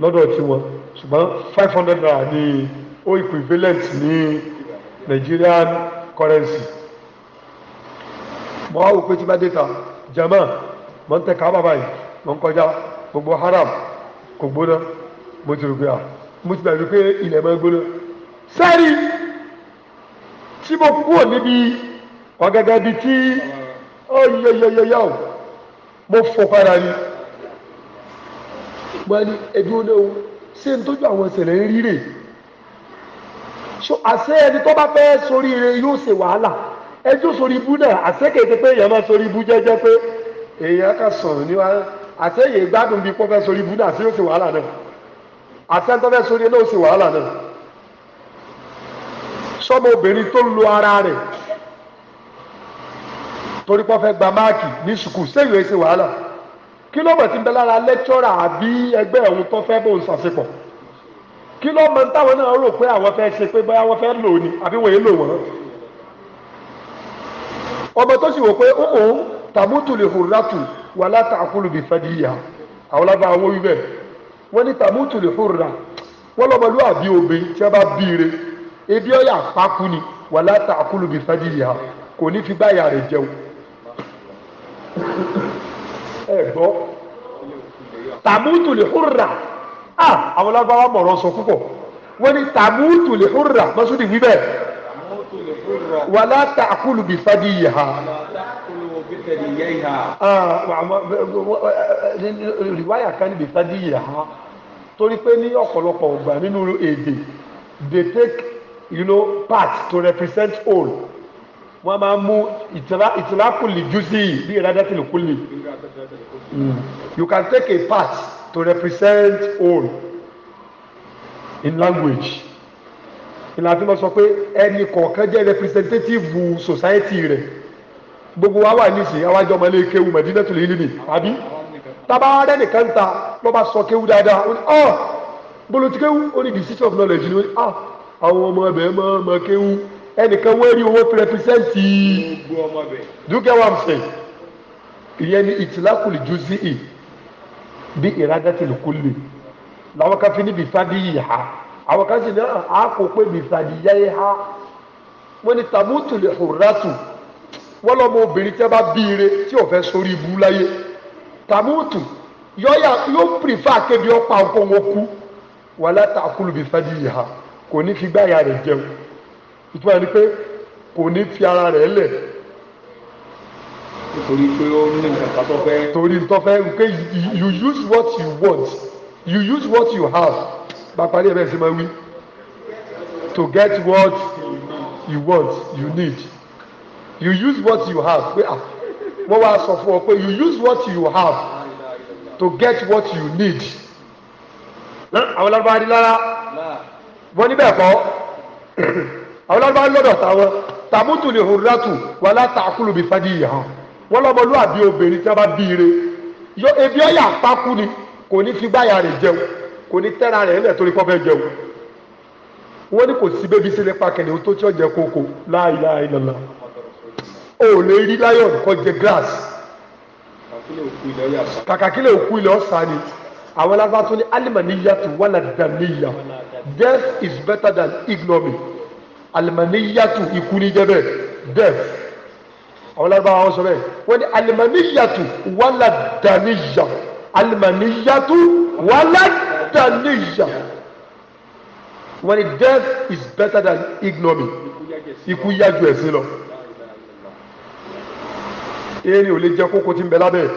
lọdọ ṣùgbọ́n five hundred naira ni o equivalent ní Nigerian currency mọ́ àwọn òpin tí bá dé ta jama n ń bàbá yìí gbogbo haram kò mo ti rò pé à ah, mo ti gbàgbé pé ilẹ̀ máa ń gbóná sẹ́ẹ̀rì tí mo kúrò níbi ọ̀gẹ̀gẹ̀ bíi tí ó yẹyẹyẹyẹ o mo fò padà ni wọ́n ní ẹjọ́ náà o ṣé n tójú àwọn ìṣẹ̀lẹ̀ ń rí rè àṣẹ ẹni tó bá fẹ́ sórí ire yóò ṣe wàhálà ẹjọ́ sórí ibú náà àṣẹ kékeré pé èèyàn máa sórí ibú jẹ́jẹ́ pé èèyàn kan sọ̀rọ̀ ní wa àṣẹ yìí gbádùn bíi pọ́fẹ́ sórí ibú náà àṣẹ yóò ṣe wàhálà náà àtẹ́ntọ́fẹ́ sórí ẹ náà ó sì wàhálà náà sọ́mọ obìnrin tó lu ara rẹ̀ torí pọ́ fẹ́ gba máàkì ní sùkúù sẹ́yìn ẹ̀ ṣe wàhálà kí ló mọ̀ tí ń bẹ lára lẹ́kítọ́rà àbí ẹgbẹ́ òun tó fẹ́ bóun ṣàṣepọ̀ kí ló mọ̀ táwọn náà rò pé àwọn fẹ́ ṣe pé bóyá wọ́n fẹ́ lò ní àbí wọ́n yé lò wọ́n ọmọ tó sì wò pé òun tàmútù lè hùrù látù wà látà àkúlù bìfẹ́ di ìyá àwọn lábá àwọn wíwẹ̀ wọ́n ní tàmútù lè hurra wọ́n lọ́mọlú àbí obìnrin tí wọ́n bá bíire ebi ọ̀yà àpákú ni wà látà àkúlù bí fẹ́dílì ha kò ní fi báyà rẹ̀ jẹun. ẹ gbọ́ tàmútù lè hurra ah àwọn lágbára mọ̀rọ̀ sọ púpọ̀ wọ́n ní tàmútù lè hurra mọ́sùdì wíbẹ̀ wà látà àkúlù bí fẹ́dílì ha rìwáyà kan níbi sáájú yìí ha torí pé ní ọ̀pọ̀lọpọ̀ ọgbà nínú èdè they take you know, part to represent all wọ́n máa mú ìtìlákùlì jùsí bí ìrádátìlùkùlì you can take a part to represent all in language ìlànà tí wọ́n sọ pé ẹnì kọ̀ọ̀kan jẹ́ representative society rẹ̀ gbogbo wa wà nísìnyí àwọn àjọ ọmọ ilé kéwù mẹdínà tó lè rí mi àbí tábà rẹ nìkan ta lọ bá sọ kéwù dáadáa ó ní ọ bolo ó ní the of knowledge ni ó ní ọ ah, àwọn ọmọ ẹbẹ mọ ọmọ kéwù ẹnìkan wọ́n rí owó pẹrẹpẹsẹ́ǹtì dúkẹ́ wà mùsẹ̀ ìyẹn ni ìtìlákùlì ju sí i bí ìrádàtìlì kúlì làwọn kan fi ní bìfadì yìí ha àwọn kan sì ní àkópé ah, bìfadì yá yìí ha wọ́n ní tàbútùlì hùrátù wọ́n lọ́mọ obìnrin tí wọ́n bá bí ire tí ò fẹ́ sórí ibú láyé tàmútù yọ́yà yóò pìrìfà kébi ọ̀pá òkòwò kú wà látàkùlù bí fẹ́ di ìhà kò ní fi gbáyà rẹ̀ jẹun ìtura ni pé kò ní fi ara rẹ̀ lẹ̀ torí pé ó ní nǹkan tó fẹ́. torí tó fẹ́ pé you use what you want you use what you have bàbáyé bẹ́ẹ̀ sì máa wí to get what you want you need you use what you have pé ah wọ́n wá sọ fún ọ pé you use what you have to get what you need àwọn lọ́dọ̀ adi lára wọ́n níbẹ̀ kọ́ àwọn lọ́dọ̀ adi lọ́dọ̀ táwọn tàmútù lè hùrẹ́ tù wà látàkùlù bí fadí yìí hàn wọ́n lọ́mọlúwàbí obìnrin tí wọ́n bá bí ire yọ ebi ọ̀yà pákú ni kò ní fi gbáyà rẹ̀ jẹun kò ní tẹ́ra rẹ̀ ńlẹ̀ torí kọ́ fẹ́ jẹun wọ́n ní kò sí bébí sílẹ̀ pàkẹ́lẹ́ o tó tí ó jẹ kókó láìláìlọ́lá o ò lè rí lion kó jẹ grass kàkà kílẹ̀ òkú ilẹ̀ ọ̀sán ni àwọn lábá tó ní alimaniya tó wà ládàníyà death is better than ignominy alimaniya tó ikú ní jẹ́bẹ̀ death àwọn lábá wọn sọ bẹ́ẹ̀ wọ́n ní alimaniya tó wà ládàníyà alimaniya tó wà ládàníyà wọ́n ní death is better than ignominy ikú yájú ẹ̀sìn lọ erin ò lè jẹ kókó tí ń bẹ lábẹ́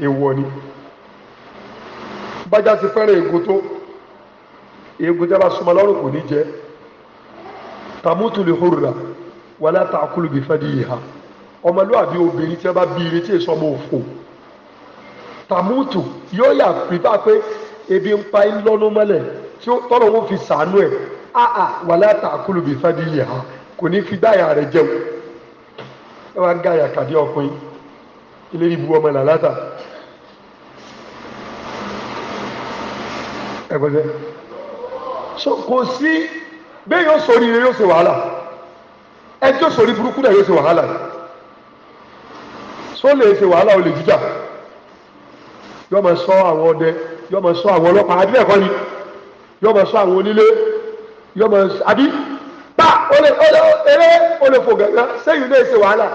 èèwọ̀ ni bájá ti fẹ́ràn ègò tó ègò tí a bá súnmọ́ lọ́rùn kò ní jẹ tàmútù lè hórira wà látà àkúlù bí fẹ́ẹ́ di ìhà ọmọlúwàbí obìnrin tí a bá bí ire tí èso ọmọ òfò tàmútù yóò yà pípa pé ebi ń pa ń lọ́nú mọ́lẹ̀ tí tọ́lọ̀ wọn fi sàánú ẹ̀ àà wà látà bí fẹ́ẹ́ di ìhà kò ní fi dáyà rẹ̀ jẹun ẹ wá gáyà kàdé ọkùnrin ilé ìbú ọmọ làlátà ẹgbẹ́sẹ̀ so kò sí bẹ́ẹ̀ yóò sórí rẹ yóò ṣe wàhálà ẹ tí yóò sórí burúkú náà yóò ṣe wàhálà so lè ṣe wàhálà olè jíjà yóò máa sọ àwọn ọdẹ yóò máa sọ àwọn ọlọ́pàá àbí ẹ̀kọ́ ni yóò máa sọ àwọn onílé yóò máa àbí eré olèfò gàngán sẹ́yìn náà ṣe wàhálà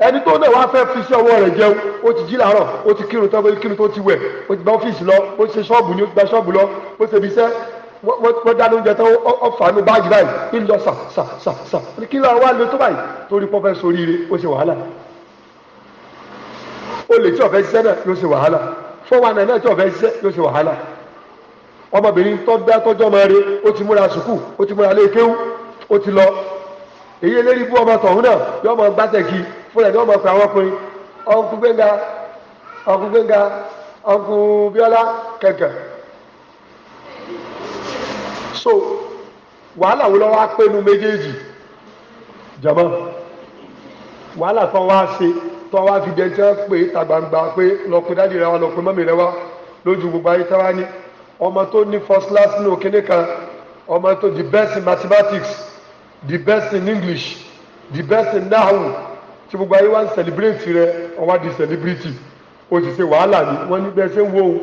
ẹni tó náà wá fẹ́ fi sí ọwọ́ rẹ̀ jẹun ó ti jí làárọ̀ ó ti kírun tán ó ti kírun tó ti wẹ̀ ó ti gba ọ́fíìsì lọ ó ti ṣe ṣọ́ọ̀bù ni ó ti gba ṣọ́ọ̀bù lọ ó ti ṣe ibi iṣẹ́ wọ́n dáná oúnjẹ tán ó fà á ní báàgì báyìí ń lọ sà sà sà sà kí ló wá lo tó báyìí torí pọ́fẹ́ sórí ire ó ṣe wàhálà olè tí ọ̀fẹ́ ṣiṣẹ́ náà yóò ṣe wàhálà fọwọ́ àná náà tí ọ̀fẹ́ ṣiṣẹ́ yóò ṣe wàhálà ọmọbìnrin tó dá tọ́jọ́ ọmọ rẹ̀ ó ti múra sùkúù ó ti múra lé kéwú ó ti lọ èyí eléyìí bú ọmọ tọ̀hún náà yóò mọ gbàtẹ̀kì fúnra ní ọmọ ọkọ àwọn ọkùnrin ọkù gbẹ̀ngà ọkù gbẹ̀ngà ọkù bíọ́lá so wàhálà wo lọ́wọ́ apẹ́nu méjèèjì jọ̀mọ́ wàhálà tó wá ṣe tó wá fi dẹ́jọ́ pé ta gbangba pé lọ́pẹ́ dáàdì rẹ wa lọ́pẹ́ mọ́mì rẹ wa lójú gbogbo ayé táwa ní ọmọ tó ní first the best in english the best in nahu tí gbogbo ayé wá ń celebrate rẹ ọwá di celebrity o sì ṣe wàhálà ni wọ́n ní bẹ́ẹ̀ ṣe ń wo o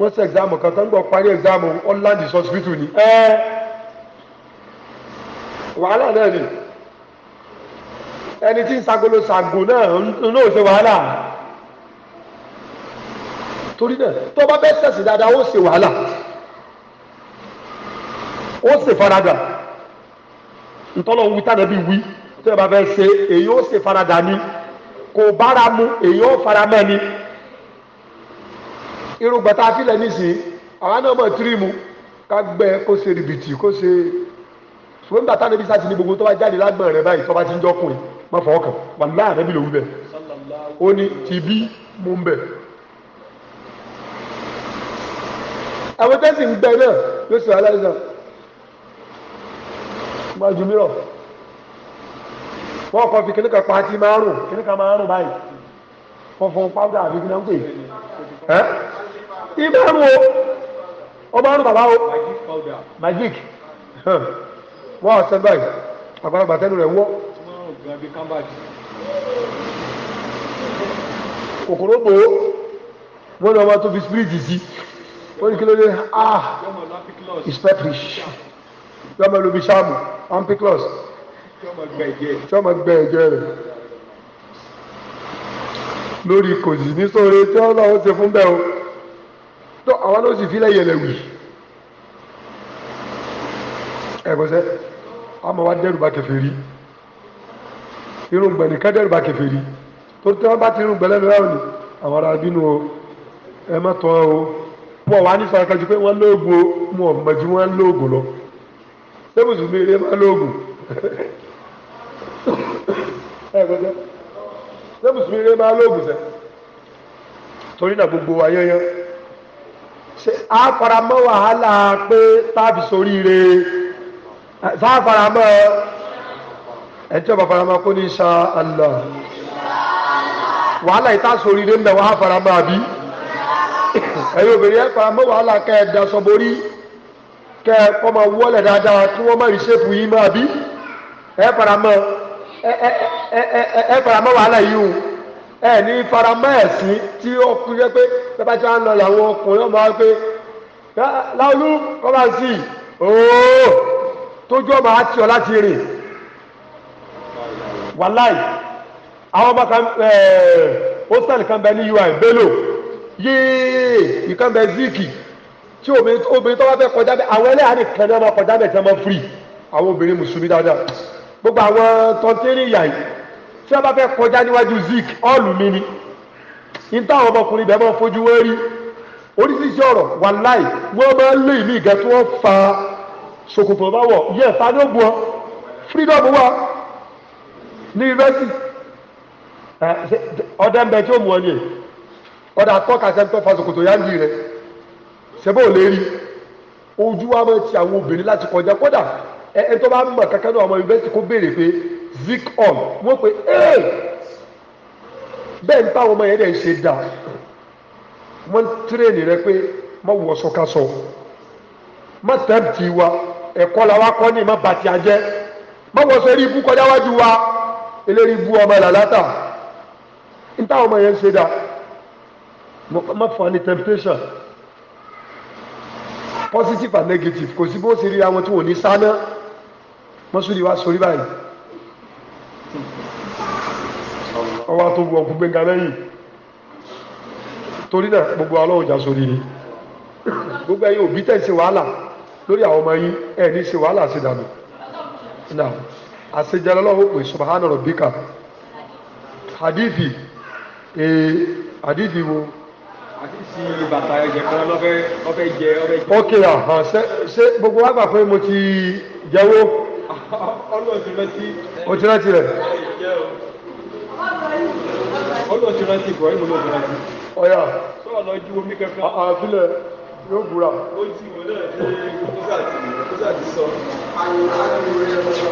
wọ́n ṣe exam kan ń gbọ́ parí exam online hospital ni ẹ́ wàhálà náà ni ẹni tí ń sagolo sago náà ń náà ṣe wàhálà torí náà tó bá bẹ́ẹ̀ ṣẹ̀sìn dáadáa ó ṣe wàhálà ó ṣe faradà ntọ́lọ́wọ́ wí tànàbí wí tó yẹ bá fẹ́ ṣe èyí ó ṣe faradà ni kò bára mu èyí ó faramẹ́ ni irúgbà tá a fi lẹ̀ nísìnyí àwọn náà mọ̀ tírímù ká gbẹ kó ṣe rìbìtì kó ṣe ṣùgbọ́n nígbà táwọn ẹbí sá ti ní gbogbo tó bá jáde lágbọ̀n rẹ báyìí tó bá ti ń jọkùnrin má fọwọ́ kàn wà láàrin ẹbí lòwú bẹ̀ ó ní tìbí mú ń bẹ̀. àwọn tẹ́sí ń náà yóò ṣe aláìsàn wájú mìíràn wọ́n kọ́ fi kìnnìkan pa ti márùn kìnnìkan márùn báyìí wọ́n fún pàwùdà àbí kìnnìkan pè é ìbẹ̀rù o ó márùn bàbá o magic wọ́n ọ̀sẹ̀ báyìí àgbàlagbà tẹ́lu rẹ̀ wọ́ kòkòrò bò ó wọ́n ní ọmọ tó fi spirit sí wọ́n ní kí ló dé ah it's peppery tí wọ́n máa lo bisamu ampiclus tí wọ́n máa gbẹ ẹ̀jẹ̀ rẹ̀ lórí kòsì nítorí tí wọ́n lọ́wọ́ ṣe fún bẹ́ẹ̀ o tó àwọn ló sì filẹ̀ yẹlẹ̀wì ẹ̀kọ́sẹ́ àmọ́ wa dẹ́rù bá kẹfẹ́ rí irun gbẹ̀ni ká dẹ́rù bá kẹfẹ́ rí tó tí wọ́n bá ti irun gbẹ̀lẹ́ lọ́wọ́ ni àwọn ará bínú o ẹ má tán o wọ́n wá ní sọ̀rọ̀ kájú pé wọ́n lóògùn o wọn ò mọ̀jú wọn lóògùn lọ ṣé mùsùlùmí ilé máa lóògùn ẹ gbọ́dọ̀ ṣé mùsùlùmí ilé máa lóògùn sẹ torí náà gbogbo wa yányán ṣe á faramọ́ wàhálà pé táàbì soríire ṣá faramọ́ ẹ tí ọba faramọ́ kó ní insha Allah wàhálà yìí tá soríire ń bẹ wàá faramọ́ àbí ẹ̀yin obìnrin ẹ faramọ́ wàhálà kẹ́ ẹ dasọ borí kẹ kọ́ máa wọ́lẹ̀ dáadáa kí wọ́n má rí ṣépù yín máa bí ẹ faramọ́ ẹ ẹ ẹ ẹ faramọ́ wàhálà yìí o ẹ ní faramọ́ ẹ̀sìn tí ó kú yẹ pé bàbá tí wọ́n lọ làwọn ọkùnrin ọmọ wa pé láolú kọ́ máa sí ooo tójú ọmọ àti ọ láti rìn wàláì àwọn ọmọ kan hostel kan bẹ ní ui bello yéé ìkan bẹ ziki tí obìnrin tó bá fẹ́ kọjá bẹ́ẹ̀ àwọn ẹlẹ́yà nìkan ni wọ́n máa kọjá bẹ́ẹ̀ tí wọ́n máa firi àwọn obìnrin mùsùlùmí dáadáa gbogbo àwọn tọ́ntẹ́rì ìyá yìí tí wọ́n bá fẹ́ kọjá níwájú zik ọ́ọ̀lù mi ni ní táwọn ọmọkùnrin bẹ́ẹ̀ máa fojú wọ́n rí oríṣiríṣi ọ̀rọ̀ wàláì wọ́n máa lé ìlú ìgẹ́ tí wọ́n fa ṣòkòtò bá wọ̀ yẹ ẹ̀ta ló bu ọ freedom wà ní yunifásitì ọ̀dẹ́mbẹ tí ó mú ọ ní ẹ̀ ọ̀dà tọ́ka sẹ́ńtọ́ fa ṣòkòtò yá ń sẹ́bọ̀ ò lè rí ojú wa máa ti àwọn obìnrin láti kọjá kódà ẹ tó bá mọ̀ kankan náà ọmọ yunifásitì kó béèrè pé zik on wọ́n pe ee bẹ́ẹ̀ ń bá àwọn ọmọ yẹn dẹ̀ ń ṣe dà wọ́n tírèènì rẹ pé má wọ sọkasọ má tẹ́ẹ̀tì wa ẹ̀kọ́ la wá kọ́ ní má bàtì àjẹ́ má wọ sọ eré ibú kọjá wájú wa eléré ibú ọmọ làlátà ń táwọn ọmọ yẹn ṣe dà má fọ ní temptation positive and negative kò sí bó ṣe rí àwọn tí wọn ò ní sáná mọ́sùlùmí wa sọ rí báyìí ọwọ́ tó wọ ọkùn gbẹ̀ngà lẹ́yìn torí náà gbogbo ọlọ́run jà sórí ni gbogbo ẹ̀yin òbí tẹ̀ ṣe wàhálà lórí àwọn ọmọ yín ẹ̀ ní ṣe wàhálà ṣe dànù náà àṣejẹ ọlọ́run subahana rọ̀bíkà hadithi ee eh, hadithi wo tí bàtà ẹ̀jẹ̀ kan lọ́fẹ́ ọfẹ́ jẹ ọfẹ́ jẹ. ok ọ̀hán ah, ah, ṣe gbogbo wa gbà pé mo ti jẹ́wọ́. ọlọ́run [laughs] ti rántí. o ti rántí rẹ̀. ọlọ́run ti rántí bọ̀ ẹ̀mú ló ti rántí. ọ̀yà. sọ̀rọ̀ lọ ju omi kẹfẹ́. àfilẹ̀ ah, yóò búra. ó ti wọlé ẹ̀ ṣe kókó sàtì kókó sàtì sọ.